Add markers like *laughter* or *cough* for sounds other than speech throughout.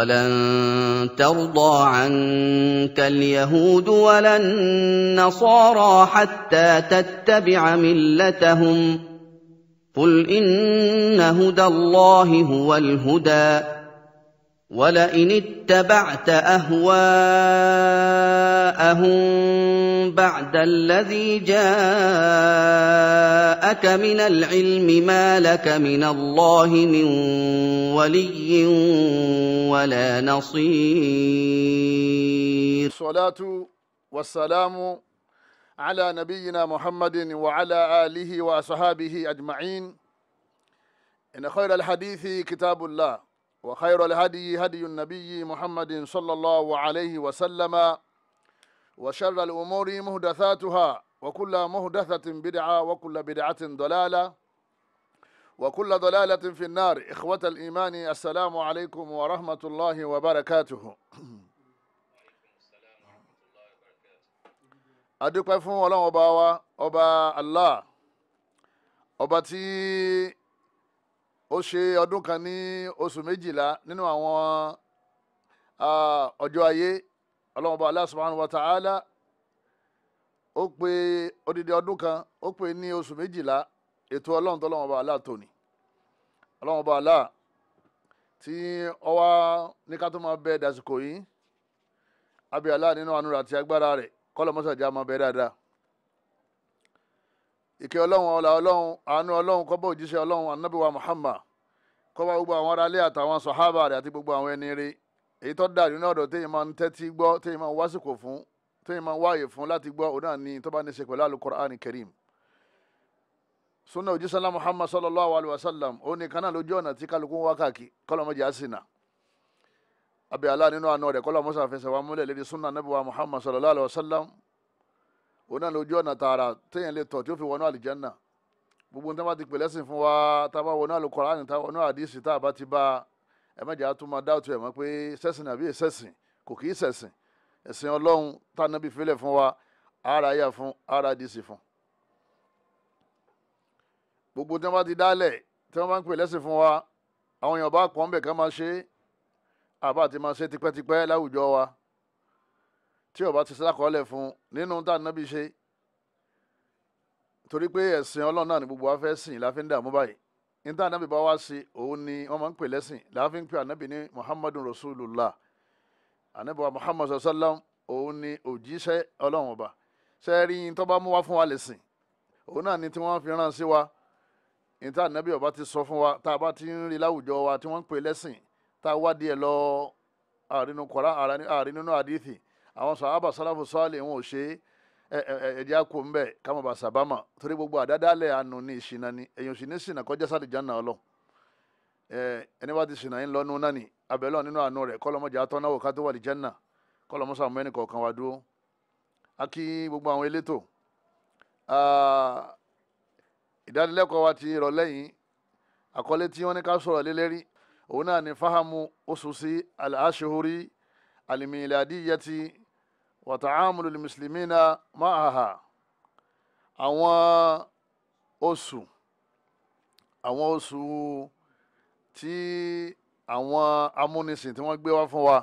ولن ترضى عنك اليهود ولا النصارى حتى تتبع ملتهم قل ان هدى الله هو الهدى ولئن اتبعت اهواءهم بعد الذي جاءك من العلم ما لك من الله من ولي ولا نصير الصلاه والسلام على نبينا محمد وعلى اله واصحابه اجمعين ان خير الحديث كتاب الله وخير الهدي هدي النبي محمد صلى الله عليه وسلم وشر الأمور مهدثاتها وكل مهدثة بدعة وكل بدعة ضلالة وكل ضلالة في النار إخوة الإيمان السلام عليكم ورحمة الله وبركاته adúpẹ́ fún ọlọ́run أبا أبا الله allah ó ṣe ọdún kan ní oṣù méjìlá nínú àwọn ọjọ́ ayé ọlọ́run ọba Allah subhanahu wa ta'ala ó pe odidi ọdún kan ó pe ní oṣù méjìlá ètò ọlọ́run tó ọlọ́run ọba Allah tòní ọlọ́run ọba Allah tí ọwá ní ká tó máa bẹ dàsìkò yìí abiyalá nínú àánú àti agbára rẹ̀ kọ́lọ́mọ́sàjà máa bẹ dáadáa ìkẹ́ ọlọ́run ọlá ọlọ́run àánú ọlọ́run kó bá òjíṣẹ́ ọlọ́run anábìwá Muhammad kó bá gbogbo àwọn aráalé àtàwọn sọ̀hábà rẹ̀ àti gbogbo àwọn ẹni rí èyí tó dàrú náà ọ̀dọ̀ téèyàn máa ń tẹ́tí gbọ́ téèyàn máa ń wásìkò fún téèyàn máa ń wáyè fún láti gbọ́ òun náà ní tó bá ní ṣe pẹ̀lú alukur'an karim sunna òjíṣẹ́ ńlá Muhammad sallallahu alayhi wa sallam òun nìkan náà lójú òun náà lójú ọ̀nà tààrà téèyàn lè tọ̀ tí ó fi wọnú àlìjẹ́nà gbogbo ní tí wọ́n bá ti pè lẹ́sìn fún wa tá a bá wọnú àlùkùránì tá a wọnú àdìsí tá a bá ti bá ẹ mẹ́jẹ̀ á tún máa dáàtú ẹ̀ mọ́ pé sẹ́sìn àbí ìsẹ̀sìn kò kì í sẹ̀sìn ẹ̀sìn ọlọ́run tá a nábì fílẹ̀ fún wa ara yà fún ara àdìsí fún. gbogbo tí wọ́n bá ti dálẹ̀ tí wọ́n bá ń pè lẹ́sìn fún wa àwọn èèyàn bá pọ̀ ń bẹ̀ ká máa ṣe àbá àti máa ṣe tipẹ́tipẹ́ láwùjọ wa tí ó bá ti sákọọ́lẹ̀ fún nínú tá ànábì ṣe torí pé ẹ̀sìn ọlọ́run náà ni gbogbo wa fẹ́ sìn la fi ń dààmú báyìí níta ànábì bá wá sí òun ni wọ́n máa ń pè lẹ́sìn la ń pè ànábì ní muhammadu rasulullah ànábì wa muhammadu sallam òun ni òjíṣẹ́ ọlọ́run ọba sẹ́ẹ̀rí yín tó bá mú wá fún wa lè sìn òun náà ni tí wọ́n fi rán sí wa níta ànábì ọba ti sọ fún wa tá a bá ti ń rí láwùjọ wa tí wọ́n ń pè lẹ́sìn tá a wádìí ẹ̀ lọ àrínú kọ́ra àrínú àdìsí àwọn sàhábà sàláfù sọ́ọ̀lì wọn ò ṣe ẹ̀ẹ́dì àkó ńbẹ kámọ̀bà sàbámà torí gbogbo àdádálẹ̀ àánú ní ìṣìnà ni èyàn sì ní sìnà kọjá sálì jáná ọlọ ẹni bá ti sìnà yín lọ́nu náà ni abẹ́lọ́ nínú àánú rẹ̀ kọ́lọ́mọjà atọ́náwó ká tó wà lí jánnà kọ́lọ́mọsàmú ẹnì kọ̀ọ̀kan wá dúró a kí gbogbo àwọn elétò ìdánilẹ́kọ̀ọ́ wa ti rọ̀lẹ́ yìí àkọlé tí wọ́n ní ká sọ̀rọ̀ lé òun náà ni fahamu oṣù sí al-ashhuri al wa ta'amulu al-muslimina ma'aha àwọn oṣù àwọn oṣù tí àwọn amúnisìn tí wọ́n gbé wá fún wa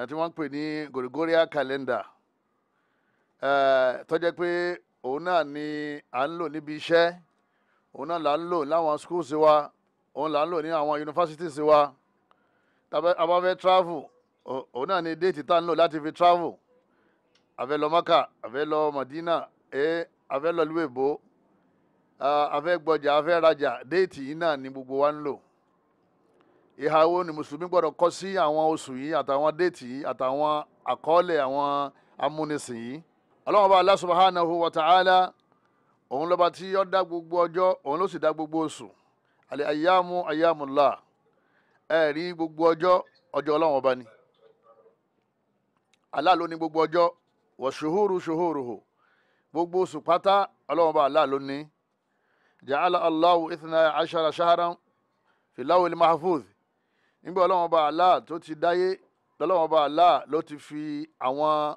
eh, tí wọ́n ń pè ní Gregorian calendar eh, tó jẹ́ pé òun náà ni à ń lò níbi iṣẹ́ òun náà là ń lò láwọn schools wa òun là ń lò ní àwọn universities wa tá a travel òun náà ni déètì tá à ń lò láti fi travel afẹ́ lọ maka afẹ́ lọ madina ẹ afẹ́ lọ ìlú èbó afẹ́ gbọ́jà afẹ́ rajà déètì yìí náà ni gbogbo wa ń lò ìhà wo ni mùsùlùmí gbọ́dọ̀ kọ sí àwọn oṣù yìí àtàwọn déètì yìí àtàwọn àkọọ́lẹ̀ àwọn amúnisìn yìí ọlọ́run bá Allah subhanahu wa ta'ala òun lọ́ba tí ó dá gbogbo ọjọ́ òun ló sì dá gbogbo oṣù àlẹ́ àyàmú àyàmúlá ẹ̀ẹ́rí gbogbo ọjọ́ ọjọ́ ọlọ́run ọba ni. Allah ló ní gbogbo ọjọ́ wa shuhuru shuhuruhu gbogbo oṣù pátá ọlọ́run bá Allah ló ní ja'ala Allahu ithna ashara shahran fil lawhil mahfuz nígbà ọlọ́run bá Allah tó ti dáyé lọ́lọ́run bá Allah ló ti fi àwọn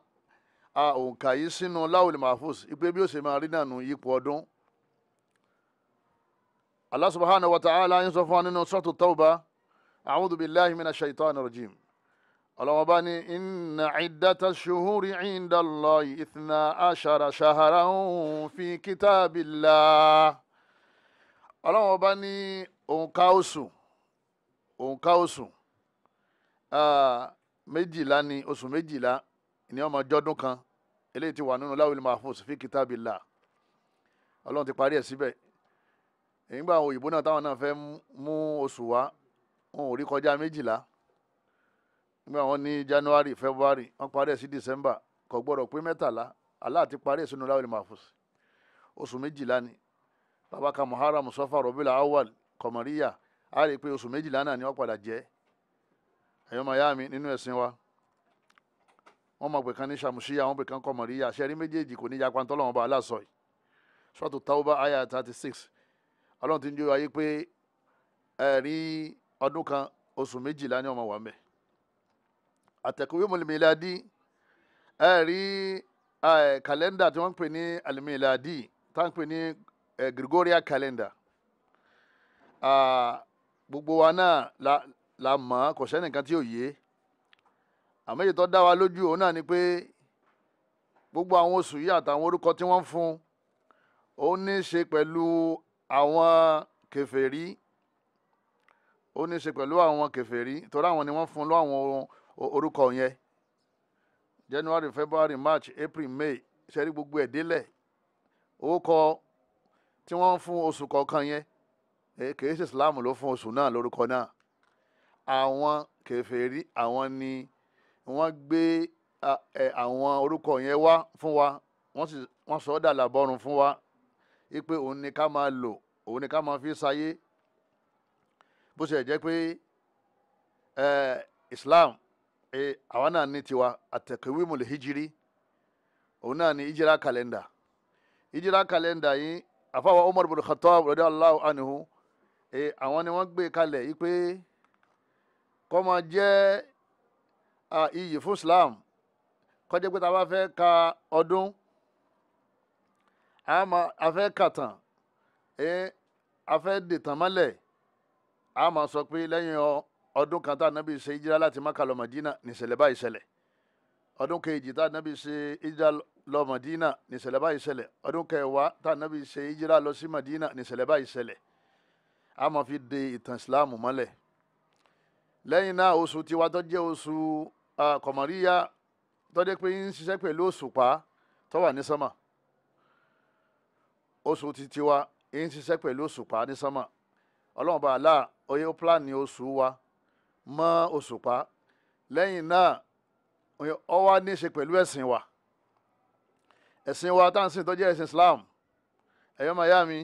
òǹkà yìí sínú lawhil mahfuz ipe bí ó ṣe máa rí nànú yípo ọdún Allah subhanahu wa ta'ala ń sọ fún wa nínú suratu Tawbah a'udhu billahi minash shaitani rajim ọlọ́wọ́n bá ní inna iddata shuhuri inda Allahi ithna ashara shahran fi kitabillah ọlọ́wọ́n bá ní òǹkà oṣù òǹkà oṣù méjìlá ni oṣù méjìlá ni ọmọ ọjọ́dún kan eléyìí ti wà nínú láwùlí mahfuz fi kitabillah ọlọ́run ti parí ẹ̀ síbẹ̀ èyí gbà àwọn òyìnbó náà táwọn náà fẹ́ mú oṣù wá wọn ò rí kọjá méjìlá mgbe wọn ní january february wọn parí ẹ̀ sí december kò gbọ́dọ̀ pé mẹ́tàlá Allah ti parí ẹ̀ sínú láwìlì mahfuz oṣù méjìlá ni bàbá ka muharram sọfà rọbìlà awal kọmọríyà á rí i pé oṣù méjìlá náà ni wọn padà jẹ ẹyọ mayami nínú ẹ̀sìn wa wọn mọ pé kan ní sàmùsíyà wọn pé kan kọmọríyà sẹrí méjèèjì kò ní aya thirty six ọlọ́run ti ń jó ayé pé ẹ̀rí ọdún kan oṣù méjìlá ni wà mẹ́ẹ̀. àtẹ̀kùnrin mọ̀lẹ́mìládì ẹ rí kàlẹ́ndà tí wọ́n ń pè ní àlẹ́mìládì tá ń pè ní Gregorian calendar gbogbo wa náà la la mọ̀ kò sẹ́nìkan tí ò yé àmọ́ èyí tó dá wa lójú òun náà ni pé gbogbo àwọn oṣù yìí àtàwọn orúkọ tí wọ́n ń fún ó ní í ṣe pẹ̀lú àwọn kèfèrí ó ní ṣe pẹ̀lú àwọn kèfèrí torí àwọn ni wọ́n fún lọ́wọ́ orúkọ yẹn january february march april may ṣẹ́rí gbogbo ẹ̀ délẹ̀ orúkọ tí wọ́n ń fún oṣù kọ̀ọ̀kan yẹn kìí ṣe islam ló fún oṣù náà lórúkọ náà àwọn keferi àwọn ni wọ́n gbé àwọn orúkọ yẹn wá fún wa wọ́n sọ ọ́ dà lábọ́run fún wa wípé òun ni ká máa lò òun ni ká máa fi ṣayé bó ṣe jẹ́ pé islam e àwa náà ní tiwa àtẹ̀kẹ́wìmùlẹ̀ hijiri òun náà ní hijira kalenda hijira yi yìí àfàwà Umar bin Khattab allahu anhu e àwọn ni wọ́n gbe kalẹ̀ yi pe kó máa jẹ́ iyi fún Islam kó jẹ́ pé tá a bá fẹ́ ka ọdún a fẹ́ kàtàn e a fẹ́ dìtàn eh, mọ́lẹ̀ a ma sọ pé ọ. ọdún kan tá anabi ṣe hijira láti maka lọ madina níṣẹ̀lẹ̀ báyìí ṣẹlẹ̀ ọdún kejì tá anabi ṣe hijira lọ madina níṣẹ̀lẹ̀ báyìí ṣẹlẹ̀ ọdún kẹwàá tá anabi ṣe hijira lọ sí madina níṣẹ̀lẹ̀ báyìí ṣẹlẹ̀ a máa fi de ìtàn islam mọ́lẹ̀ lẹ́yìn náà oṣù tiwa tó jẹ́ oṣù kọ̀mọ̀ríyá tó jẹ́ pé ń ṣiṣẹ́ pẹ̀lú òṣùpá tó wà ní sánmà oṣù tiwa ń ṣiṣẹ́ pẹ̀lú òṣùpá ní sánmà ọlọ́run bá oyè ó pílánì oṣù wa mọ́ òṣùpá lẹ́yìn náà ó wá ní í ṣe pẹ̀lú ẹ̀sìn wa ẹ̀sìn wa tá à ń sìn tó jẹ́ Islam ẹ̀yọ́ ma yá mi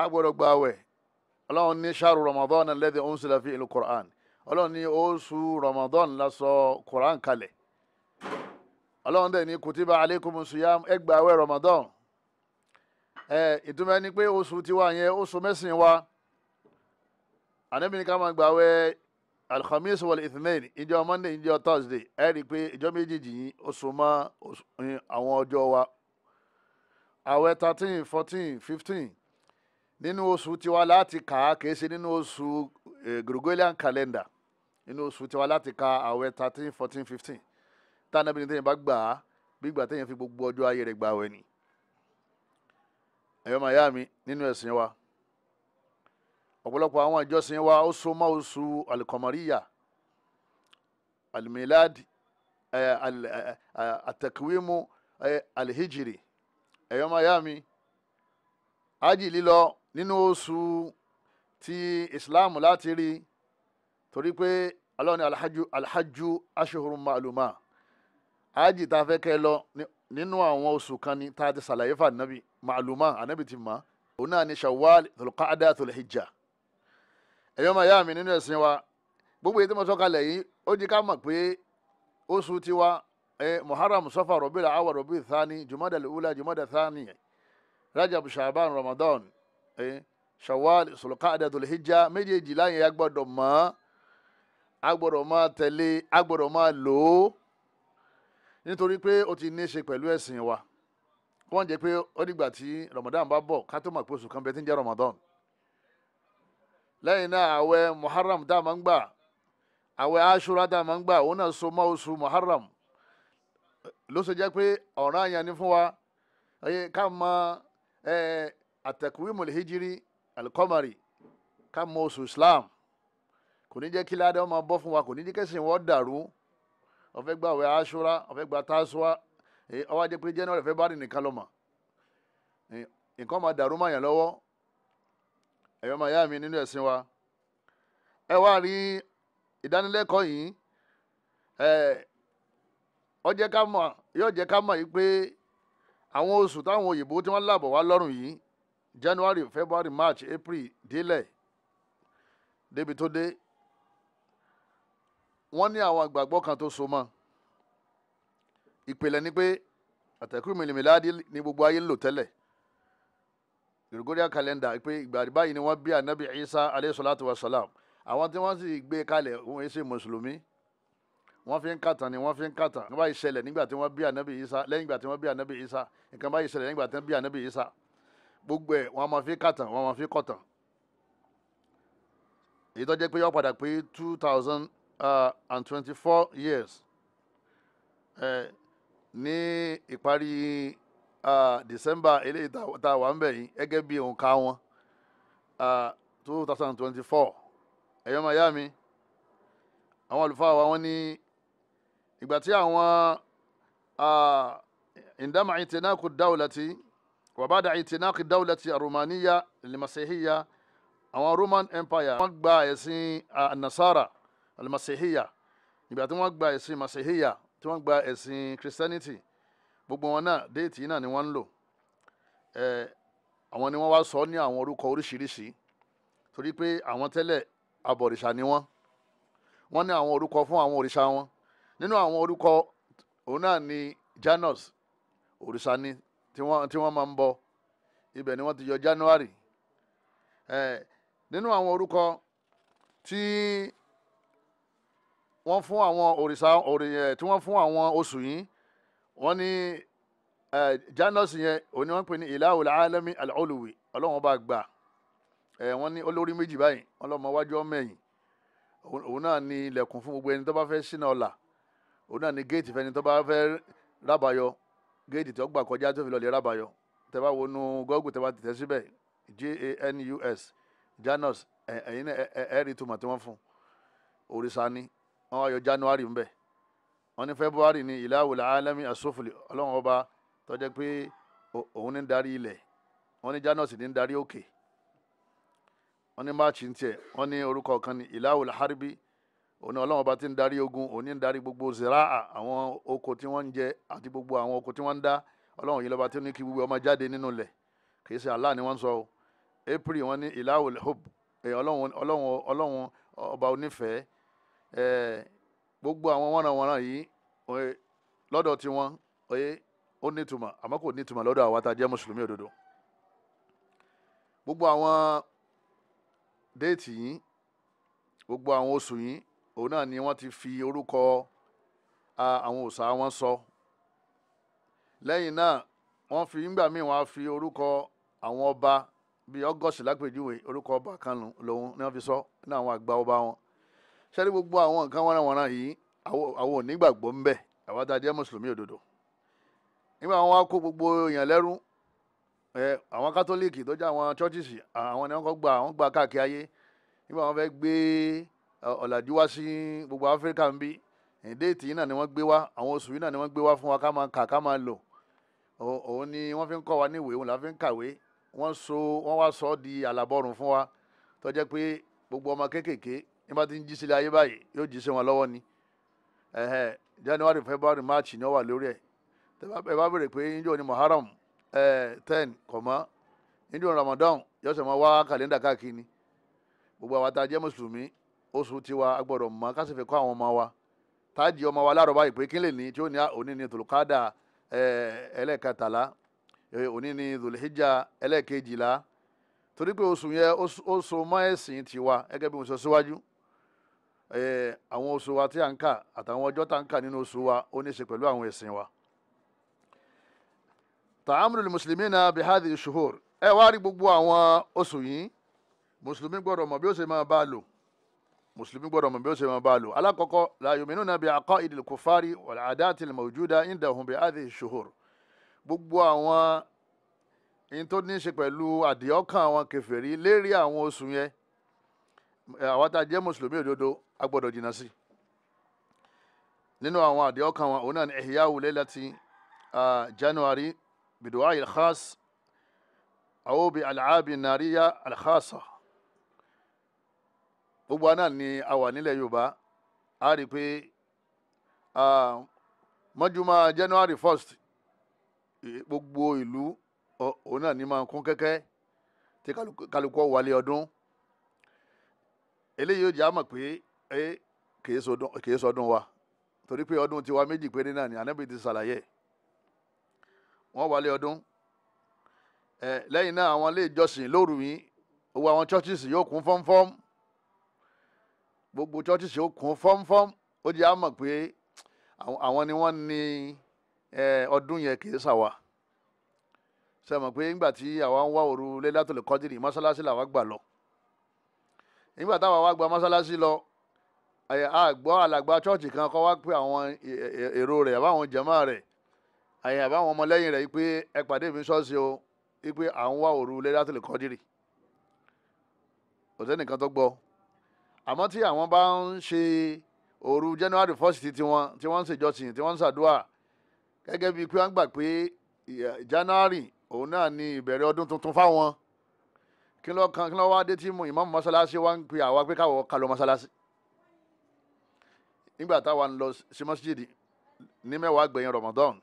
a gbọ́dọ̀ gba àwẹ̀ ọlọ́run ní ṣáàrù Ramadan alladhi unzila fi ìlú Qur'an ọlọ́run ní oṣù Ramadan la sọ Qur'an kalẹ̀ ọlọ́run dẹ̀ ní kùtìbà aleikum suyam ẹgbàá àwẹ̀ Ramadan ẹ ìtumọ̀ ẹni pé oṣù tiwa yẹn oṣù mẹ́sìn wa ànábì ní ká máa gbà àwẹ̀ alhamis wa ithnain ìjọ monday ìjọ thursday ẹ rí i pé ìjọ méjèèjì yìí ó so mọ́ àwọn ọjọ́ wa àwẹ̀ thirteen fourteen fifteen nínú oṣù tiwa láti kà á kìí ṣe nínú oṣù eh, Gregorian calendar nínú oṣù tiwa láti ka àwẹ̀ thirteen fourteen fifteen tánàbí ni téèyàn bá gbà á bí gbà téèyàn fi gbogbo ọjọ́ ayé rẹ̀ gbà wẹ̀ ni ẹ̀yọ́ màyá mi nínú ẹ̀sìn wa ọ̀pọ̀lọpọ̀ àwọn ìjọsìn wa ó so mọ́ oṣù alikọ̀mọ́ríyà alimiladi atakiwimu alihijiri ẹ̀yọ́ mayami ájì lílọ nínú oṣù ti islam láti rí torí pé Allah ni alhaju alhaju ashhurun ma'luma ájì tá a fẹ́ kẹ́ lọ nínú àwọn oṣù kan ni tá a ti ṣàlàyé fún anabi ma'luma anabi ti mọ̀ ọ́ náà ni shawwal tulqaada tulhijja. ẹ̀yọ́ máa yá mi nínú ẹ̀sìn wa gbogbo èyí tí mo sọ́kalẹ̀ yìí ó di ká mọ̀ pé oṣù tiwa muharram sọfà rọ̀bìlà awà rọ̀bì thani jùmọ́dà lùwúlà jùmọ́dà thani rajab shaban ramadan shawwal sulqaada dulhijja méjèèjì láyé agbọ́dọ̀ mọ̀ agbọ́dọ̀ máa tẹ̀lé agbọ́dọ̀ máa lò ó nítorí pé ó ti ní í ṣe pẹ̀lú ẹ̀sìn wa kó wọ́n jẹ́ pé ó dìgbà tí ramadan bá bọ̀ ká tó mọ̀ pé oṣù kan bẹ tí ń jẹ́ ramadan. lẹ́yìn náà àwẹ̀ muharram tá ashura tá òun náà so muharram ló ṣe jẹ́ pé ọ̀ràn àyàn fún wa ká mọ hijiri alikọ́mari ká mọ islam kò ní jẹ́ kí ládé ọmọ bọ́ fún wa kò ní gba àwẹ̀ ashura ó gba tasuwa ọwa wá nìkan nǹkan dàrú ẹ̀yọ́ máa yá mi nínú ẹ̀sìn wa ẹ wá rí ìdánilẹ́kọ̀ọ́ yìí ẹ ká mọ̀ yóò jẹ́ ká mọ̀ yìí pé àwọn oṣù táwọn òyìnbó tí wọ́n lábọ̀ wá lọ́rùn yìí January February March April délẹ̀ débi tó dé wọ́n ní àwọn àgbàgbọ́ kan tó so mọ́ ìpìlẹ̀ ni pé mìlìmìlá gbogbo ayé lò tẹ́lẹ̀ Gregorian calendar pé ìgbà báyìí ni wọ́n bí anabi Isa alayhi salatu wa salam àwọn tí wọ́n sì gbé kalẹ̀ òun ṣe mùsùlùmí wọ́n fi ń kàtàn ni wọ́n fi ń kàtàn nǹkan báyìí ṣẹlẹ̀ nígbà tí wọ́n bí anabi Isa lẹ́yìn ìgbà tí wọ́n bí anabi Isa nǹkan báyìí ṣẹlẹ̀ nígbà tí wọ́n bí anabi Isa gbogbo ẹ̀ wọ́n máa fi kàtàn wọ́n máa fi kọ̀tàn èyí tó jẹ́ pé yọ pé two thousand uh, and twenty-four years ní ìparí december eléyìí tá a wà ń bẹ̀ yìí gẹ́gẹ́ bí òǹkà wọn two thousand twenty four ẹ̀yọ́ màyá mi àwọn àlùfáà wa wọ́n ní ìgbà tí àwọn indama itinaku dawlati wa bada itinaku dawlati arumaniya àwọn roman empire wọ́n gba ẹ̀sìn nasara alimasihiya ìgbà tí wọ́n gba ẹ̀sìn masihiya tí wọ́n gba ẹ̀sìn christianity gbogbo wọn náà déètì náà ni wọ́n ń lò ẹ àwọn ni wọ́n wá sọ ní àwọn orúkọ oríṣiríṣi torí pé àwọn tẹ́lẹ̀ abọ̀rìṣà ni wọ́n wọ́n ní àwọn orúkọ fún àwọn òrìṣà wọn nínú àwọn orúkọ òun náà ni Janus òrìṣà ni tí wọ́n máa ń bọ ibẹ̀ ni wọ́n ti yọ January ẹ nínú àwọn orúkọ tí wọ́n fún àwọn òrìṣà tí wọ́n fún àwọn oṣù yìí wọ́n ní janus yẹn òní wọ́n pè ní ilahul alami al-ulwi ọlọ́run ọba àgbà wọ́n ní olórí méjì báyìí wọ́n lọ́mọ wájú ọmọ ẹ̀yìn òun náà ni ilẹ̀kùn fún gbogbo ẹni tó bá fẹ́ ṣínà ọ̀la òun náà ni géètì fẹ́ni tó bá fẹ́ rábàyọ géètì tó gbà kọjá tó fi lọ́ọ́ rábàyọ tẹ́ bá wọnú gọ́ọ̀gù tẹ́ bá tẹ̀ síbẹ̀ janus janus ẹ̀yin náà ẹ̀ẹ́rì tuma tí wọ́n fún òrìṣà ni wọ́n wá yọ january ń bẹ́ẹ̀ wọ́n ní february ní ìlàwọ̀ alami asofuli ọlọ́run ọba tó jẹ́ pé òun ní darí ilẹ̀ wọ́n ní janus ní darí òkè wọ́n ní march ń tiẹ̀ wọ́n ní orúkọ kan ní ìlàwọ̀ haribi òun ní ọlọ́run ọba tí ń darí ogun òun ní darí gbogbo ziraa àwọn oko tí wọ́n ń jẹ àti gbogbo àwọn oko tí wọ́n ń dá ọlọ́run yìí lọ́ba tí ó ní kí gbogbo ọmọ jáde nínú ilẹ̀ kì í ṣe Allah ni wọ́n ń sọ o april wọ́n ní ìlàwọ̀ hope ọlọ́run ọba gbogbo àwọn wọ́nàwọ́nà yìí lọdọ tiwọn ó nítumọ̀ àmọ́ kò nítumọ̀ lọ́dọ̀ àwa tá a jẹ́ mùsùlùmí òdodo gbogbo àwọn déètì yìí gbogbo àwọn oṣù yìí òun náà ni wọn ti fi orúkọ àwọn òòṣà wọn sọ lẹ́yìn náà wọ́n fi ńgbà míì wọ́n fi orúkọ àwọn ọba bíi ọgọ́sì lápèjúwe orúkọ ọba kan lòun ni wọ́n fi sọ ní àwọn àgbà ọba wọn ṣẹ́ni gbogbo àwọn nǹkan wọ́nrawọ́nra yìí àwọn onígbàgbọ́ ń bẹ àwa tá a jẹ́ mùsùlùmí òdodo nígbà wọn wá kó gbogbo èèyàn lẹ́rú àwọn kátólíìkì tó jẹ́ àwọn chọ́chìsì àwọn ni wọ́n kọ́ gba àwọn gba káàkiri ayé nígbà wọn fẹ́ gbé ọ̀làjú wá sí gbogbo áfíríkà ń bí déètì yìí náà ni wọ́n gbé wá àwọn oṣù yìí náà ni wọ́n gbé wá fún wa ká máa kà ká máa lò òun ni wọ́n fi ń kọ́ wa níwèé òun là fi ń kàwé wọ́n so wọ́n wá sọ ọ́ di àlàbọ̀rùn fún wa tó jẹ́ pé gbogbo ọmọ kéékèèké ní ti ń jí sílé ayé báyìí yóò jí ni january february march ni ó wà lórí ẹ̀ ẹ bá béèrè pé yíyọ ni muharram ten ramadan yóò sọ ma wá kàlẹ́ndà káàkiri ni gbogbo àwọn tá a jẹ́ mùsùlùmí oṣù tiwa a gbọ́dọ̀ mọ̀ ká fi kọ́ àwọn ọmọ wa táàjì ọmọ wa báyìí pé kí lè ni òní ni torí pé oṣù yẹn oṣù mọ́ ẹ̀sìn tiwa gẹ́gẹ́ bí mo sọ síwájú. àwọn oṣù wa tí à ń kà àtàwọn ọjọ́ tá à ń kà nínú oṣù wa ó ní í ṣe pẹ̀lú àwọn ẹ̀sìn wa. ta'amulul muslimina bihadi shuhur ẹ wá rí gbogbo àwọn oṣù yìí mùsùlùmí gbọ́dọ̀ mọ̀ bí ó ṣe máa bá a lò mùsùlùmí gbọ́dọ̀ mọ̀ bí ó ṣe máa bá a lò alákọ̀ọ́kọ́ la yuminuna bi aqaidil kufari wal adati al mawjuda indahum bihadi shuhur gbogbo àwọn in àwa tá a jẹ́ mùsùlùmí òdodo a gbọ́dọ̀ jìnnà sí nínú àwọn àdéhùn ọkàn wọn òun náà ni ihyawu laylati january bidu'a al-khas awo bi al'abi nariya al-khasa gbogbo àná ni a wà nílẹ̀ yorùbá a rí i pé mọ́júmọ́ january first gbogbo ìlú òun náà ni máa kún kẹ́kẹ́ tí kálukọ́ wálé ọdún eléyìí yóò jẹ́ àmọ̀ pé kìí sọdún wa torí pé ọdún tiwa méjì péré náà ni anábì ti ṣàlàyé wọ́n wálé ọdún lẹ́yìn náà àwọn ilé ìjọsìn lóru yìí owó àwọn churches yóò kún fọ́nfọ́n gbogbo churches yóò kún fọ́nfọ́n ó jẹ́ àmọ̀ pé àwọn ni wọ́n ní ọdún yẹn kìí ṣàwà sẹ́mọ̀ pé nígbà tí àwa ń wá òru lẹ́látòlè kọ́dìrì mọ́ṣáláṣí làwa gbà lọ nígbà táwa wá gba mọ́sálásí lọ àgbọ̀ alàgbà chọ́ọ̀chì kan kọ́ wá pé àwọn e, e, èrò rẹ̀ àbáwọn jàmá rẹ̀ àbáwọn ọmọlẹ́yìn rẹ̀ pé ẹ pàdé mi ṣọ́ọ̀ṣì o pé àwọn wá òru Lailatul Qadri òtẹ́nìkan tó gbọ́ àmọ́ tí àwọn bá ń ṣe òru January first tiwọn tí wọ́n ń ṣèjọsìn tí wọ́n ń ṣàdúà gẹ́gẹ́ bíi pé wọ́n gbà pé e, January òun náà ni ìbẹ̀rẹ̀ ọdún tuntun fáwọn kí ló kan kí ló wá dé tí mu ìmáàmù mọ́sálásí wá ń pè àwa pé káwọ́ ká lọ mọ́sálásí nígbà táwa ń lọ sí mọ́síjìdì ní mẹ́wàá gbẹ̀yìn Ramadan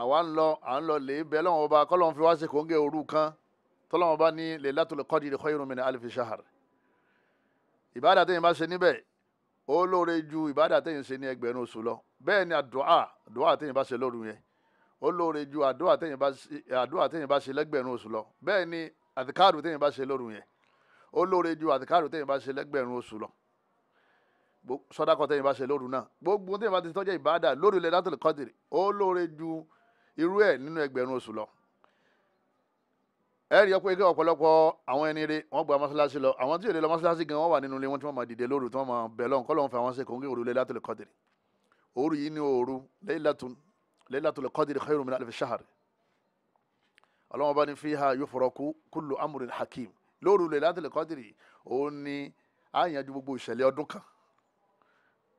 àwa ń lọ à ń lọ lè bẹ́ lọ́wọ́n ọba kọ́lọ́n fi wá sí kòńgẹ́ òru kan tọ́lọ́wọ́n ọba ní Lailatul Qadri khayrun min alfi shahr ìbádà tẹ́yìn bá ṣe níbẹ̀ ó lóore ju ìbádà tẹ́yìn ṣe ní ẹgbẹ̀rún oṣù lọ bẹ́ẹ̀ ni àdúà àdúà tẹ́yìn bá ṣe lóru yẹn ó lóore ju àdúà tẹ́yìn bá ṣe lẹ́gbẹ̀rún oṣù lọ bẹ́ẹ̀ ni àtikáàrù téèyàn bá ṣe lóru yẹn ó lóore ju àtikáàrù téèyàn bá ṣe lẹ́gbẹ̀rún oṣù lọ sọdakọ téèyàn bá ṣe lóru náà gbogbo téèyàn bá ti tọ́jú ìbáàdà lórí ilẹ̀ látòlè kọ́dìrì ó lóore ju irú ẹ̀ nínú ẹgbẹ̀rún oṣù lọ ẹ̀rí ọkọ̀ ike ọ̀pọ̀lọpọ̀ àwọn ẹni rẹ wọ́n gba mọ́ṣáláṣí lọ àwọn tí òde lọ mọ́ṣáláṣí gan wọ́n wà nínú ilé wọn tí wọ́n máa dìde lóru tí wọ́n máa bẹ̀ lọ́n kọ́ lọ́n fẹ́ àwọn ṣe kòńgé òru Laylatul Qadr òru yìí ní òru ọlọ́wọ́n bá ní fiha yufraku kullu amrin hakim lóru Laylatul Qadri òun ni á yanjú gbogbo ìṣẹ̀lẹ̀ ọdún kan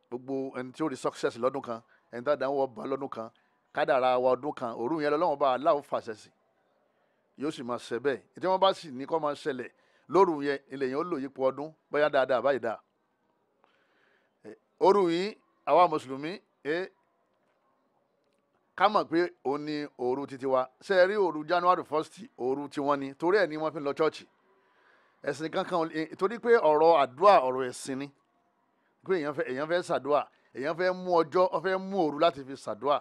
gbogbo ẹni tí ó rí success lọ́dún kan ẹni tá àdánwò bá lọ́dún kan kádàrá wa ọdún kan òru yẹn lọ́wọ́n bá aláwọ̀ fàṣẹ sí yóò sì máa ṣẹ bẹ́ẹ̀ ètò wọn bá sì ní kó máa ṣẹlẹ̀ lóru yẹn ilẹ̀ yẹn ó lò yípo ọdún bóyá dáadáa báyìí dáa òru yìí àwa mùsùlùmí ká mọ̀ pé òun ni òru títí wa ṣe rí òru january first òru tí wọ́n ni torí ẹ̀ ni wọ́n fi lọ chọ́ọ̀chì ẹ̀sìn kankan eh, torí pé ọ̀rọ̀ àdúrà ọ̀rọ̀ ẹ̀sìn ni pé èèyàn fẹ́ èèyàn fẹ́ ṣàdúrà èèyàn fẹ́ mú ọjọ́ ọ fẹ́ mú òru láti fi ṣàdúrà